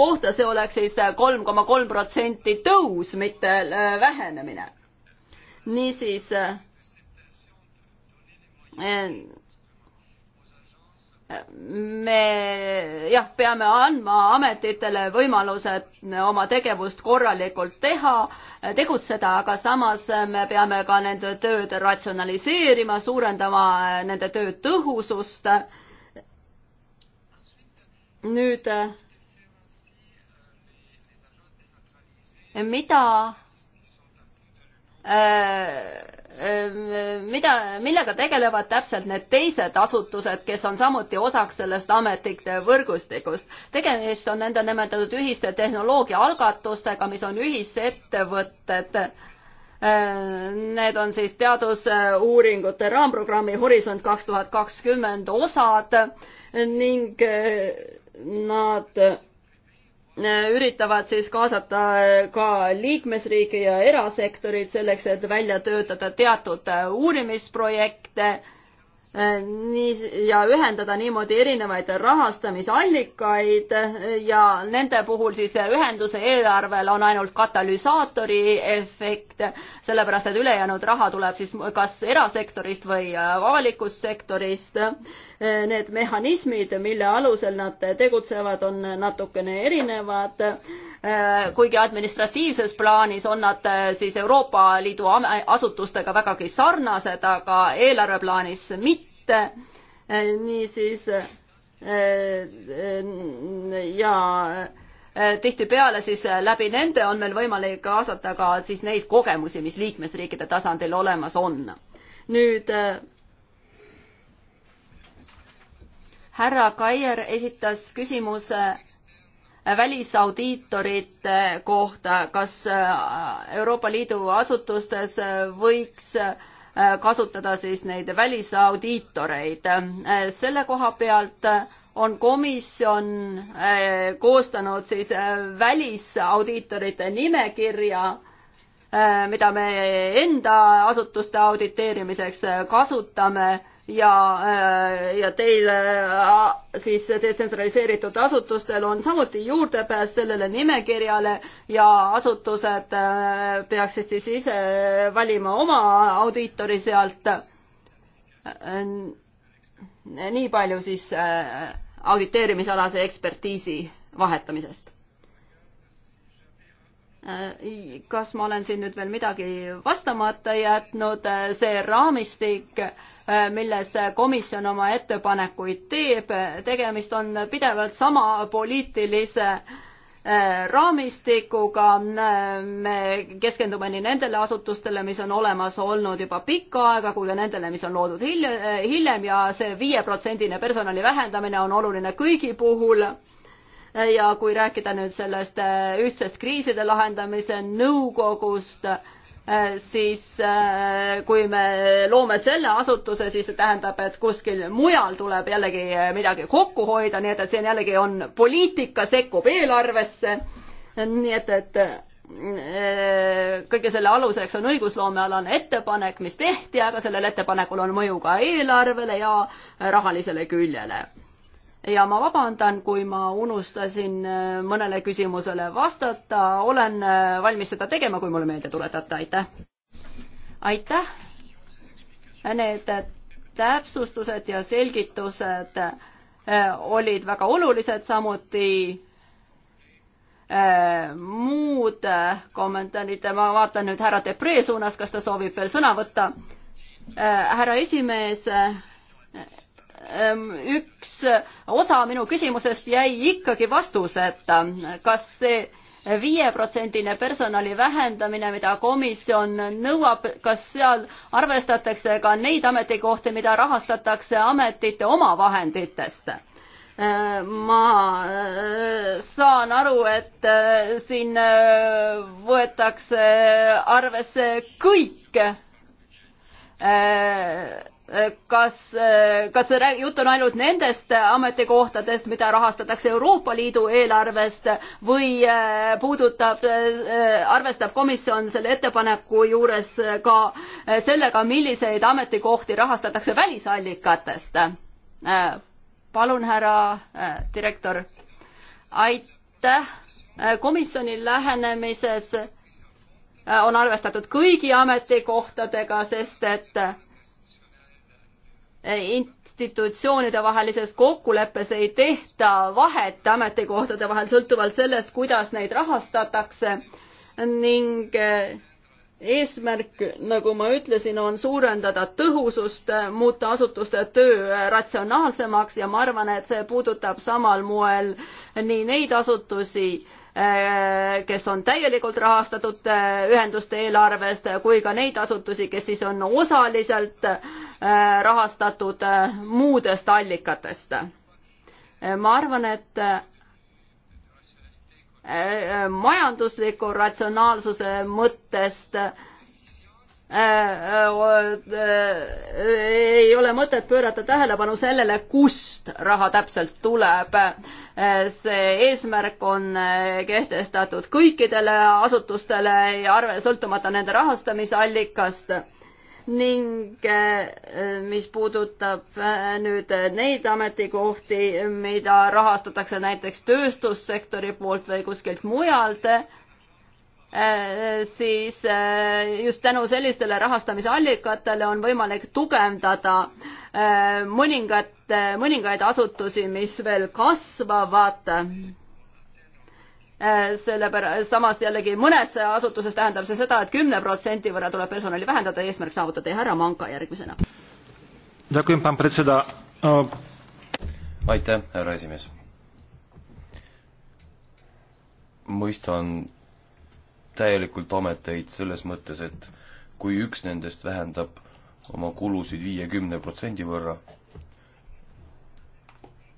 kohta, see oleks siis kolm koma kolm protsenti tõus, mitte äh, vähenemine. niisiis äh, me jah, peame andma ametitele võimaluse oma tegevust korralikult teha, tegutseda, aga samas me peame ka nende tööd ratsionaliseerima, suurendama nende töö tõhusust. nüüd mida äh, Ehm, mida, millega tegelevad täpselt need teised asutused, kes on samuti osaks sellest ametite võrgustikust. tegemist on nõndanimetatud ühiste tehnoloogiaalgatustega, mis on ühisettevõtted. Ehm, need on siis teadusuuringute raamprogrammi Horisont kaks tuhat kakskümmend osad ning eh, nad üritavad siis kaasata äh, ka liikmesriike ja erasektorit selleks, et välja töötada teatud äh, uurimisprojekte Äh, nii ja ühendada niimoodi erinevaid rahastamisallikaid äh, ja nende puhul siis ühenduse eelarvel on ainult katalüsaatori efekt, sellepärast et ülejäänud raha tuleb siis kas erasektorist või äh, avalikust sektorist. Need mehhanismid, mille alusel nad tegutsevad, on natukene erinevad Äh, kuigi administratiivses plaanis on nad äh, siis Euroopa Liidu asutustega vägagi sarnased, aga eelarve plaanis mitte. Äh, niisiis ja tihtipeale siis läbi nende on meil võimalik kaasata ka siis neid kogemusi, mis liikmesriikide tasandil olemas on. nüüd härra Kaier esitas küsimuse välisaudiitorite kohta, kas äh, Euroopa Liidu asutustes äh, võiks äh, kasutada siis neid välisaudiitoreid. selle koha pealt on komisjon koostanud siis välisaudiitorite nimekirja, mida me enda asutuste auditeerimiseks kasutame ja, äh, ja teil äh, siis detsentraliseeritud asutustel on samuti juurdepääs sellele nimekirjale ja asutused äh, peaksid siis ise valima oma audiitori sealt. nii palju siis auditeerimisalase ekspertiisi vahetamisest Äh, kas ma olen siin nüüd veel midagi vastamata jätnud, äh, see raamistik, äh, milles komisjon oma ettepanekuid teeb, tegemist on pidevalt sama poliitilise raamistikuga, me keskendume nii nendele asutustele, mis on olemas olnud juba pikka aega, kui ka nendele, mis on loodud hiljem, hiljem ja see viieprotsendine personali vähendamine on oluline kõigi puhul ja kui rääkida nüüd sellest äh, ühtsest kriiside lahendamise nõukogust, äh, siis äh, kui me loome selle asutuse, siis see tähendab, et kuskil mujal tuleb jällegi midagi kokku hoida, nii et, et siin jällegi on poliitika sekkub eelarvesse. nii et, et kõige selle aluseks on õigusloomealane ettepanek, mis tehti, aga sellel ettepanekul on mõju ka eelarvele ja rahalisele küljele ja ma vabandan, kui ma unustasin äh, mõnele küsimusele vastata, olen äh, valmis seda tegema, kui mulle meelde tuletate, aitäh. aitäh. Need täpsustused ja selgitused äh, olid väga olulised, samuti muud kommentaarid, ma vaatan nüüd härra Depree suunas, kas ta soovib veel sõna võtta. härra esimees Ehm, üks osa minu küsimusest jäi ikkagi vastuseta. kas see viieprotsendine personali vähendamine, mida komisjon nõuab, kas seal arvestatakse ka neid ametikohti, mida rahastatakse ametite omavahenditest? Ehm, ma ehm, saan aru, et siin võetakse arvesse kõik kas, kas jutt on ainult nendest ametikohtadest, mida rahastatakse Euroopa Liidu eelarvest või äh, puudutab, äh, arvestab komisjon selle ettepaneku juures ka äh, sellega, milliseid ametikohti rahastatakse välisallikatest? palun, härra direktor. aitäh. komisjoni lähenemises on arvestatud kõigi ametikohtadega, sest et institutsioonide vahelises kokkuleppes ei tehta vahet ametikohtade vahel sõltuvalt sellest, kuidas neid rahastatakse ning eh, eesmärk, nagu ma ütlesin, on suurendada tõhusust, eh, muuta asutuste töö eh, ratsionaalsemaks ja ma arvan, et see puudutab samal moel nii neid asutusi, Äh, kes on täielikult rahastatud äh, ühenduste eelarvest, kui ka neid asutusi, kes siis on osaliselt äh, rahastatud muudest allikatest. ma arvan, et majandusliku ratsionaalsuse mõttest äh, Äh, äh, äh, ei ole mõtet pöörata tähelepanu sellele, kust raha täpselt tuleb. see eesmärk on kehtestatud kõikidele asutustele ja arve, sõltumata nende rahastamisallikast ning mis puudutab nüüd neid ametikohti, mida rahastatakse näiteks tööstussektori poolt või kuskilt mujalt, Äh, siis äh, just tänu sellistele rahastamisallikatele on võimalik tugevdada äh, mõningat, mõningaid asutusi, mis veel kasvavad. sellepärast, samas jällegi mõnes asutuses tähendab see seda et, et kümne protsendi võrra tuleb personali vähendada, eesmärk saavutada ja härra Manka järgmisena. aitäh, härra esimees. mõistan täielikult ameteid selles mõttes, et kui üks nendest vähendab oma kulusid viiekümne protsendi võrra,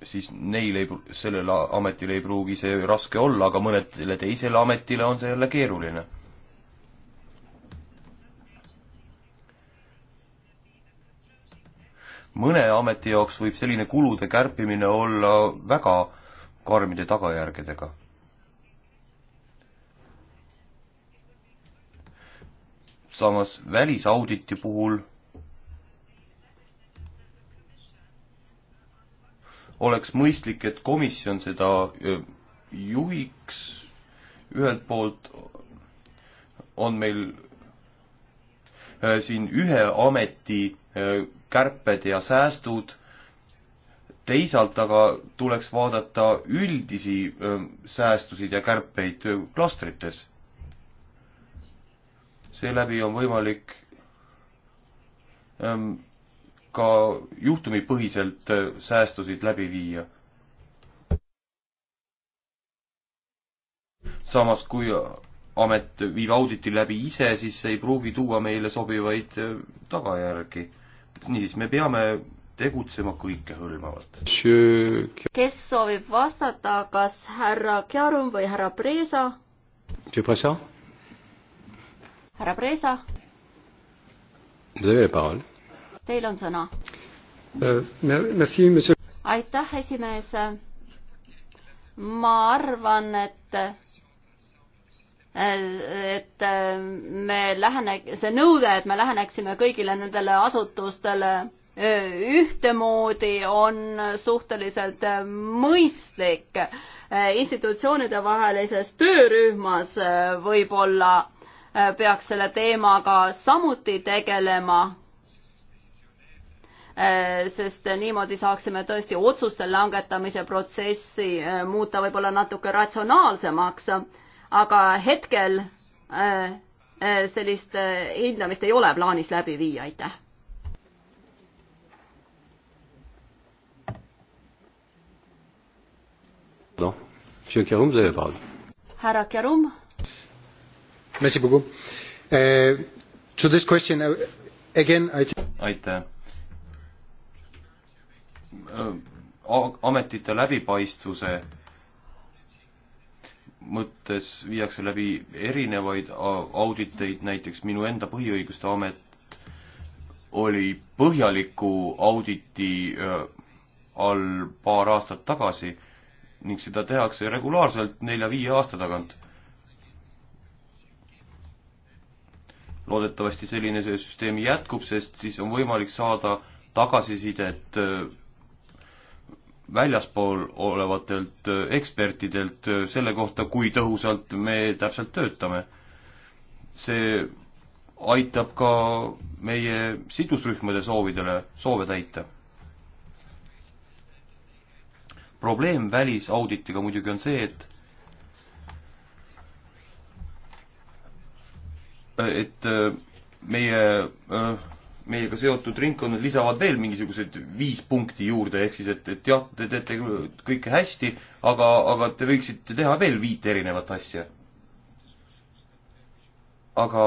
siis neil ei, sellel ametil ei pruugi see raske olla, aga mõnele teisele ametile on see jälle keeruline. mõne ameti jaoks võib selline kulude kärpimine olla väga karmide tagajärgedega samas välisauditi puhul oleks mõistlik, et komisjon seda juhiks, ühelt poolt on meil siin ühe ameti kärped ja säästud, teisalt aga tuleks vaadata üldisi säästusid ja kärpeid klastrites seeläbi on võimalik ähm, ka juhtumipõhiselt äh, säästusid läbi viia. samas, kui amet viib auditi läbi ise, siis see ei pruugi tuua meile sobivaid äh, tagajärgi. niisiis, me peame tegutsema kõikehõlmavalt. kes soovib vastata, kas härra Kjarum või härra Preesa? härra Preesa. Teil on sõna. Euh, aitäh, esimees. ma arvan, et et me lähene, see nõude, et me läheneksime kõigile nendele asutustele ühtemoodi, on suhteliselt mõistlik. institutsioonide vahelises töörühmas võib-olla Äh, peaks selle teemaga samuti tegelema, äh, sest niimoodi saaksime tõesti otsuste langetamise protsessi äh, muuta võib-olla natuke ratsionaalsemaks, aga hetkel sellist hindamist ei ole plaanis läbi viia, aitäh. noh, härra Kerum To uh, this question uh, again I aitäh. Uh, ametite läbipaistvuse mõttes viiakse läbi erinevaid auditeid, näiteks minu enda põhiõiguste amet oli põhjaliku auditi all paar aastat tagasi ning seda tehakse regulaarselt nelja-viie aasta tagant loodetavasti selline see süsteem jätkub, sest siis on võimalik saada tagasisidet äh, väljaspool olevatelt äh, ekspertidelt äh, selle kohta, kui tõhusalt me täpselt töötame. see aitab ka meie sidusrühmade soovidele soove täita. probleem välisauditiga muidugi on see, et Äh, et äh, meie, äh, meiega seotud ringkonnad lisavad veel mingisugused viis punkti juurde, ehk siis, et, et jah, te teete kõike hästi, aga, aga te võiksite teha veel viit erinevat asja. aga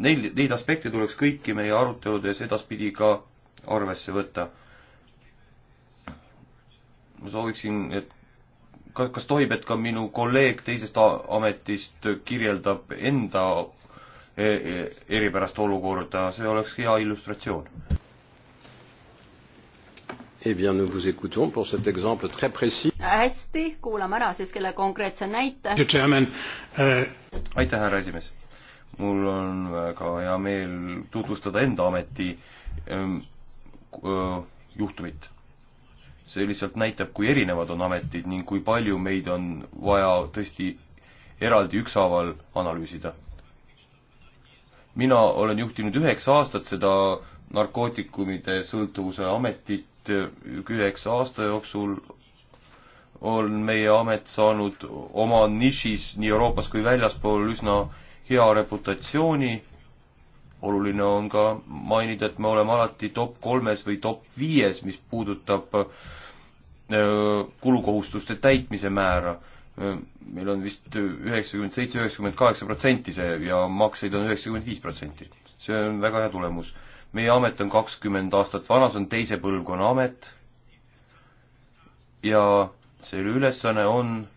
neil, neid aspekte tuleks kõiki meie aruteludes edaspidi ka arvesse võtta. ma sooviksin, et kas tohib, et ka minu kolleeg teisest ametist kirjeldab enda e-, e-, eripärast olukorda, see oleks hea illustratsioon. Eh bien, nous vous écoutons pour cet exemple très précis. hästi, kuulame ära siis selle konkreetse näite. Eh, aitäh, härra esimees. mul on väga hea meel tutvustada enda ameti ähm, äh, juhtumit see lihtsalt näitab, kui erinevad on ametid ning kui palju meid on vaja tõesti eraldi ükshaaval analüüsida. mina olen juhtinud üheksa aastat seda narkootikumide sõltuvuse ametit, üheksa aasta jooksul on meie amet saanud oma nišis nii Euroopas kui väljaspool üsna hea reputatsiooni oluline on ka mainida, et me oleme alati top kolmes või top viies, mis puudutab äh, kulukohustuste täitmise määra. Äh, meil on vist üheksakümmend seitse, üheksakümmend kaheksa protsenti see ja makseid on üheksakümmend viis protsenti. see on väga hea tulemus. meie amet on kakskümmend aastat vana, see on teise põlvkonna amet ja selle ülesanne on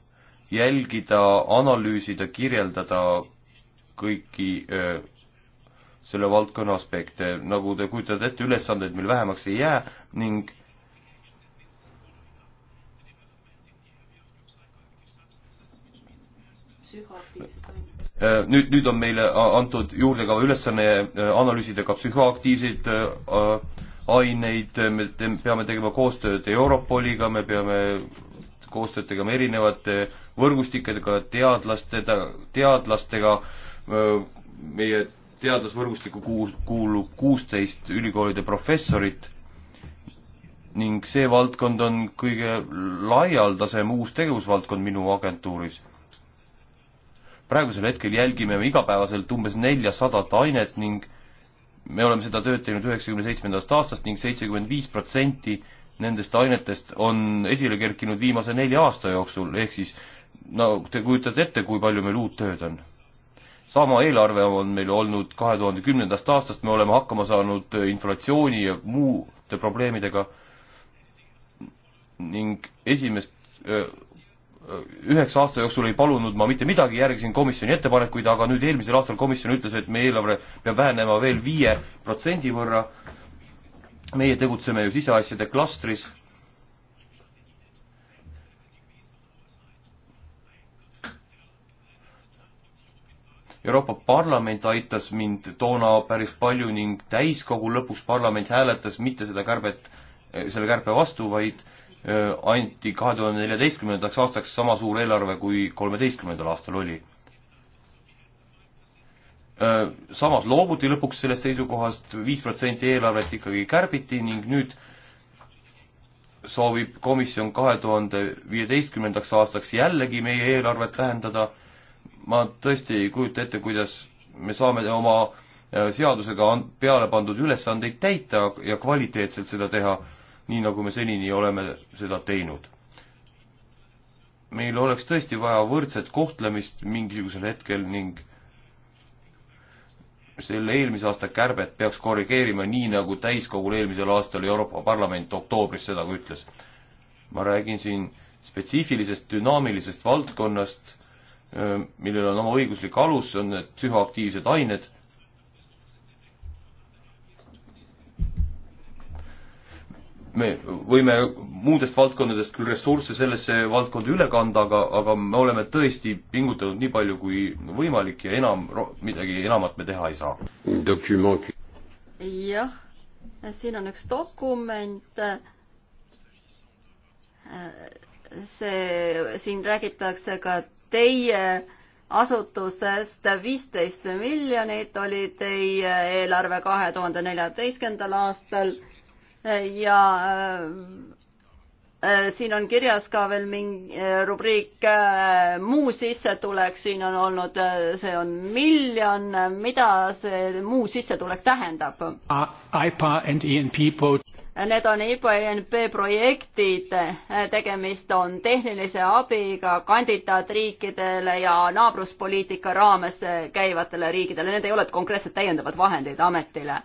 jälgida, analüüsida, kirjeldada kõiki öö, äh, selle valdkonna aspekte, nagu te kujutate ette, ülesandeid meil vähemaks ei jää ning nüüd, nüüd on meile antud juurdekava ülesanne äh, analüüsida ka psühhoaktiivseid äh, aineid, me peame tegema koostööd Europoliga, me peame koostööd tegema erinevate võrgustikega, teadlastega, teadlastega, äh, meie teadlasvõrgustikku kuul-, kuulub kuusteist ülikoolide professorit ning see valdkond on kõige laialdasem uus tegevusvaldkond minu agentuuris. praegusel hetkel jälgime me igapäevaselt umbes neljasadat ainet ning me oleme seda tööd teinud üheksakümne seitsmendast aastast ning seitsekümmend viis protsenti nendest ainetest on esile kerkinud viimase nelja aasta jooksul, ehk siis no te kujutate ette, kui palju meil uut tööd on sama eelarve on meil olnud kahe tuhande kümnendast aastast, me oleme hakkama saanud inflatsiooni ja muude probleemidega ning esimest üheksa aasta jooksul ei palunud ma mitte midagi, järgisin komisjoni ettepanekuid, aga nüüd eelmisel aastal komisjon ütles, et meie eelarve peab vähenema veel viie protsendi võrra. meie tegutseme ju siseasjade klastris Euroopa Parlament aitas mind toona päris palju ning täiskogu lõpuks parlament hääletas mitte seda kärbet, selle kärpe vastu, vaid anti kahe tuhande neljateistkümnendaks aastaks sama suur eelarve, kui kolmeteistkümnendal aastal oli samas loobuti lõpuks sellest seisukohast, viis protsenti eelarvet ikkagi kärbiti ning nüüd soovib komisjon kahe tuhande viieteistkümnendaks aastaks jällegi meie eelarvet vähendada ma tõesti ei kujuta ette, kuidas me saame oma äh, seadusega on peale pandud ülesandeid täita ja kvaliteetselt seda teha, nii nagu me senini oleme seda teinud. meil oleks tõesti vaja võrdset kohtlemist mingisugusel hetkel ning selle eelmise aasta kärbet peaks korrigeerima nii, nagu täiskogul eelmisel aastal Euroopa Parlament oktoobris seda ka ütles. ma räägin siin spetsiifilisest dünaamilisest valdkonnast Äh, millel on oma õiguslik alus, see on need psühhoaktiivsed ained. me võime muudest valdkondadest küll ressursse sellesse valdkonda üle kanda, aga, aga me oleme tõesti pingutanud nii palju kui võimalik ja enam, midagi enamat me teha ei saa. jah, siin on üks dokument äh, see, siin räägitakse ka teie asutusest viisteist miljonit oli teie eelarve kahe tuhande neljateistkümnendal aastal ja äh, äh, siin on kirjas ka veel mingi äh, rubriik muu sissetulek, siin on olnud, see on miljon, mida see muu sissetulek tähendab? IPA and ENP both Need on IPNP projektid, tegemist on tehnilise abiga kandidaatriikidele ja naabruspoliitika raames käivatele riikidele, need ei ole konkreetselt täiendavad vahendid ametile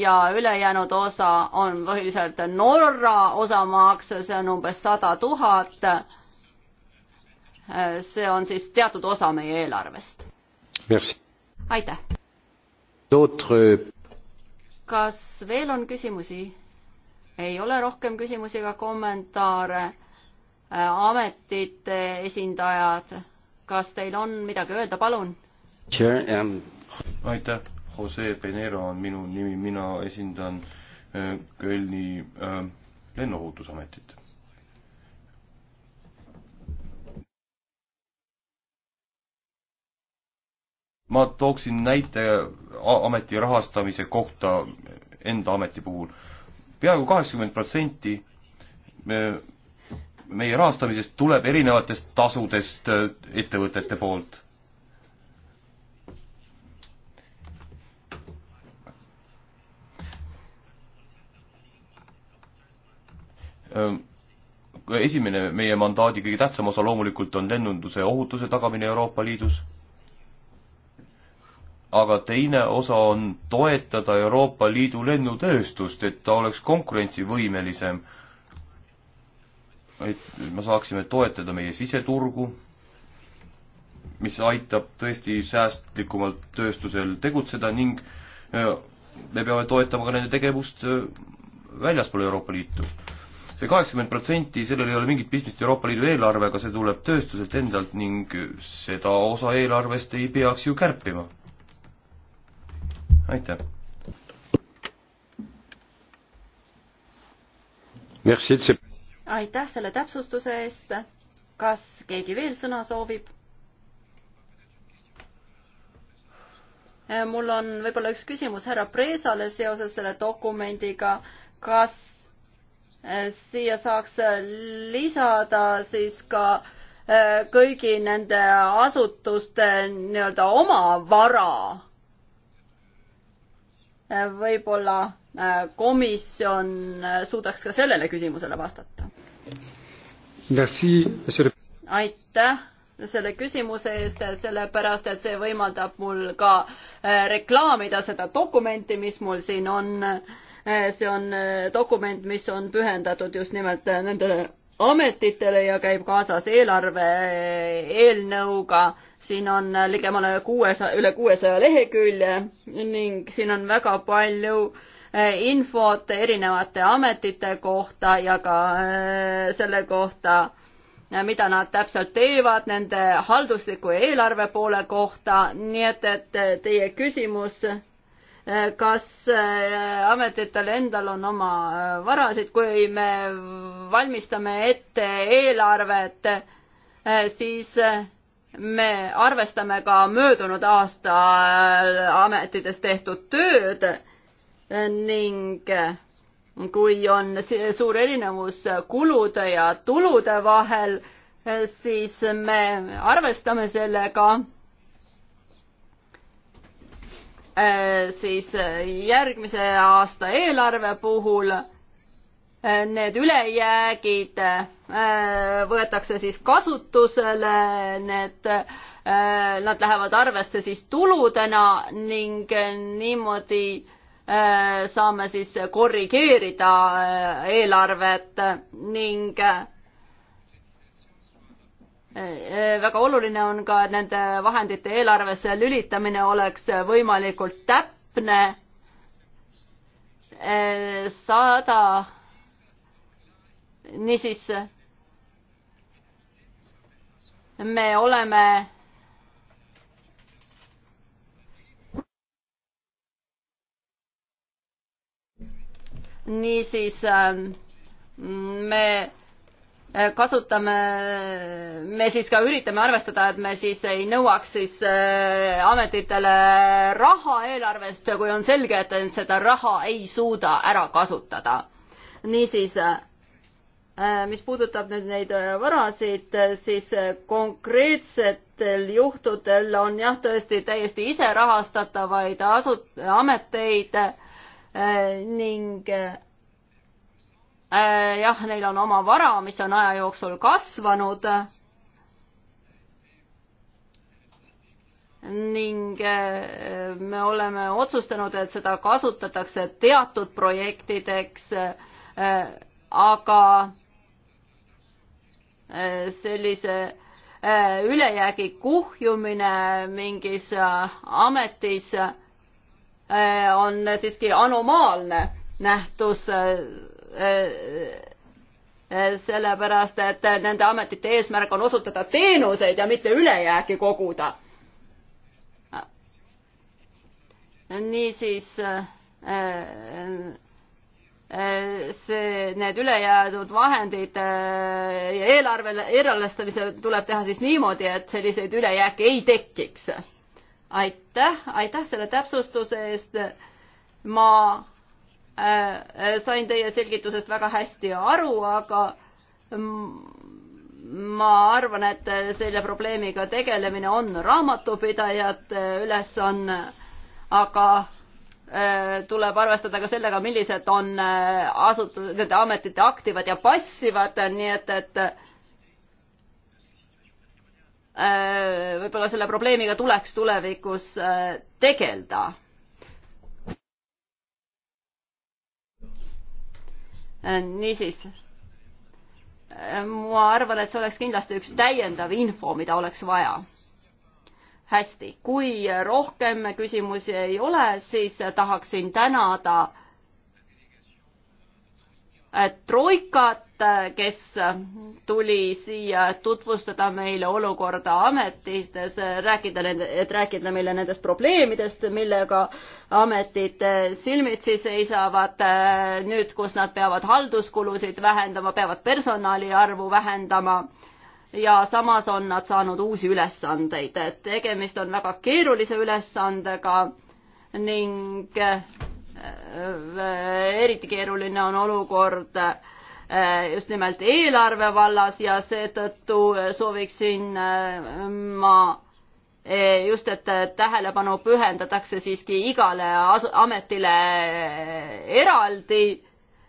ja ülejäänud osa on põhiliselt Norra osamaks, see on umbes sada tuhat. see on siis teatud osa meie eelarvest. aitäh kas veel on küsimusi? ei ole rohkem küsimusi ega kommentaare. Äh, ametite esindajad, kas teil on midagi öelda, palun? Um, aitäh, Jose Penero on minu nimi, mina esindan äh, Kölni äh, lennuohutusametit. ma tooksin näite ameti rahastamise kohta enda ameti puhul peaaegu. peaaegu kaheksakümmend protsenti meie rahastamisest tuleb erinevatest tasudest äh, ettevõtete poolt. Äh, esimene meie mandaadi kõige tähtsam osa loomulikult on lennunduse ohutuse tagamine Euroopa Liidus aga teine osa on toetada Euroopa Liidu lennutööstust, et ta oleks konkurentsivõimelisem. et me saaksime toetada meie siseturgu, mis aitab tõesti säästlikumalt tööstusel tegutseda ning äh, me peame toetama ka nende tegevust äh, väljaspool Euroopa Liitu see kaheksakümmend protsenti, sellel ei ole mingit pistmist Euroopa Liidu eelarvega, see tuleb tööstuselt endalt ning seda osa eelarvest ei peaks ju kärpima aitäh! aitäh selle täpsustuse eest. kas keegi veel sõna soovib? mul on võib-olla üks küsimus härra Preesale seoses selle dokumendiga. kas eh, siia saaks eh, lisada siis ka eh, kõigi nende asutuste nii-öelda oma vara? võib-olla äh, komisjon äh, suudaks ka sellele küsimusele vastata. aitäh selle küsimuse eest, sellepärast et see võimaldab mul ka äh, reklaamida seda dokumenti, mis mul siin on. see on dokument, mis on pühendatud just nimelt nendele ametitele ja käib kaasas eelarve eelnõuga siin on äh, ligemale kuuesaja, üle kuuesaja lehekülje ning siin on väga palju äh, infot erinevate ametite kohta ja ka äh, selle kohta, mida nad täpselt teevad nende haldusliku ja eelarve poole kohta, nii et, et teie küsimus, kas ametitel endal on oma varasid, kui me valmistame ette eelarvet, siis me arvestame ka möödunud aasta äh, ametites tehtud tööd ning äh, kui on suur erinevus kulude ja tulude vahel, äh, siis me arvestame sellega siis järgmise aasta eelarve puhul need ülejäägid äh, võetakse siis kasutusele, need, äh, nad lähevad arvesse siis tuludena ning niimoodi äh, saame siis korrigeerida eelarvet ning väga oluline on ka, et nende vahendite eelarvesse lülitamine oleks võimalikult täpne. sada niisiis me oleme niisiis me kasutame, me siis ka üritame arvestada, et me siis ei nõuaks siis äh, ametitele raha eelarvest, kui on selge, et seda raha ei suuda ära kasutada. niisiis Äh, mis puudutab nüüd neid äh, varasid, äh, siis konkreetsetel juhtudel on jah, tõesti täiesti iserahastatavaid asut-, ameteid ning jah, neil on oma vara, mis on aja jooksul kasvanud ning me oleme otsustanud, et seda kasutatakse teatud projektideks, aga sellise äh, ülejäägi kuhjumine mingis äh, ametis äh, on siiski anomaalne nähtus, sellepärast et nende ametite eesmärk on osutada teenuseid ja mitte ülejääki koguda. niisiis Äh, see, need ülejäänud vahendid äh, ja eelarve eelarvestamise tuleb teha siis niimoodi, et selliseid ülejääke ei tekiks. aitäh, aitäh selle täpsustuse eest. ma äh, sain teie selgitusest väga hästi aru, aga ma arvan, et selle probleemiga tegelemine on raamatupidajate ülesanne, aga Äh, tuleb arvestada ka sellega, millised on äh, asutus, nende ametite aktivad ja passivad, nii et, et äh, võib-olla selle probleemiga tuleks tulevikus tegeleda. niisiis, ma arvan, et see oleks kindlasti üks täiendav info, mida oleks vaja hästi, kui rohkem küsimusi ei ole, siis tahaksin tänada äh, troikat, äh, kes tuli siia tutvustada meile olukorda ametites, äh, rääkida nende, et rääkida meile nendest probleemidest, millega ametid silmitsi seisavad nüüd, kus nad peavad halduskulusid vähendama, peavad personali arvu vähendama ja samas on nad saanud uusi ülesandeid, et tegemist on väga keerulise ülesandega ning äh, eriti keeruline on olukord äh, just nimelt eelarve vallas ja seetõttu sooviksin äh, ma just, et tähelepanu pühendatakse siiski igale ametile eraldi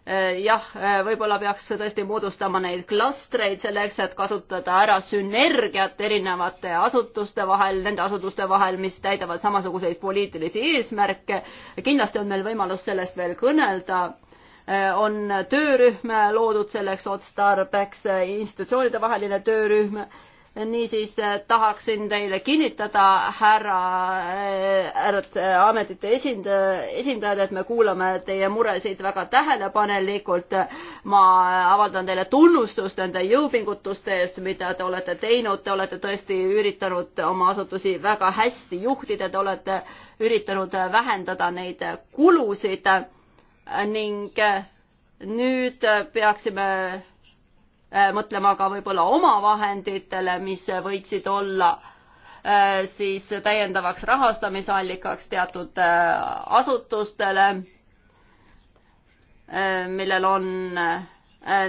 Äh, jah, äh, võib-olla peaks tõesti moodustama neid klastreid selleks, et kasutada ära sünergiat erinevate asutuste vahel, nende asutuste vahel, mis täidavad samasuguseid poliitilisi eesmärke. kindlasti on meil võimalus sellest veel kõnelda. Äh, on töörühm loodud selleks otstarbeks, institutsioonide vaheline töörühm niisiis eh, tahaksin teile kinnitada, härra, eh, härrad eh, ametite esindaja, esindajad, et me kuulame teie muresid väga tähelepanelikult. ma avaldan teile tunnustust nende jõupingutuste eest, mida te olete teinud, te olete tõesti üritanud oma asutusi väga hästi juhtida, te olete üritanud vähendada neid kulusid ning nüüd peaksime Äh, mõtlema ka võib-olla omavahenditele, mis võiksid olla äh, siis täiendavaks rahastamisallikaks teatud äh, asutustele, millel on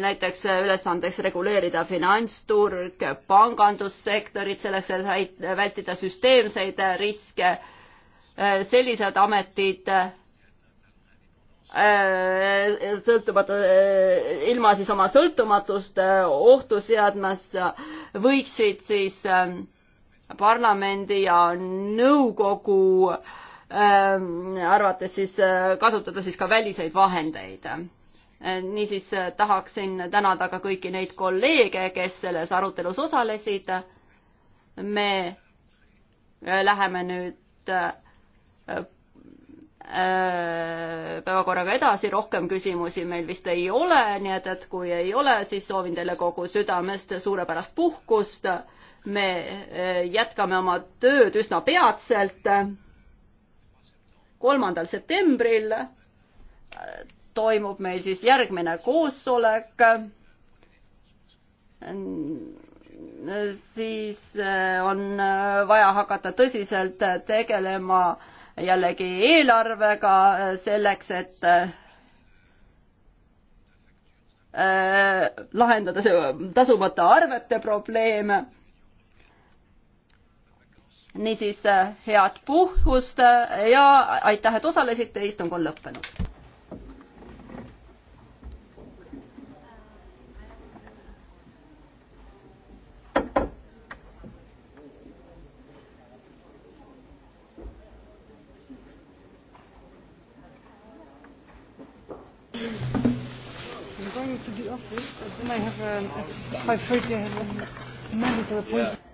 näiteks ülesandeks reguleerida finantsturg, pangandussektorit, selleks, et vältida süsteemseid riske. sellised ametid Äh, sõltumatu, äh, ilma siis oma sõltumatust äh, ohtu seadmast, võiksid siis parlamendi ja nõukogu arvates siis kasutada siis ka väliseid vahendeid. niisiis tahaksin tänada ka kõiki neid kolleege, kes selles arutelus osalesid. me läheme nüüd Äh, päevakorraga edasi, rohkem küsimusi meil vist ei ole, nii et, et kui ei ole, siis soovin teile kogu südamest suurepärast puhkust. me äh, jätkame oma tööd üsna peatselt, kolmandal septembril äh, toimub meil siis järgmine koosolek siis on vaja hakata tõsiselt tegelema jällegi eelarvega äh, selleks, et äh, lahendada see tasumata arvete probleem. niisiis äh, head puhkust ja aitäh, et osalesite, istung on lõppenud. office, but then I have a, at 5.30 I have a mandatory appointment. Yeah.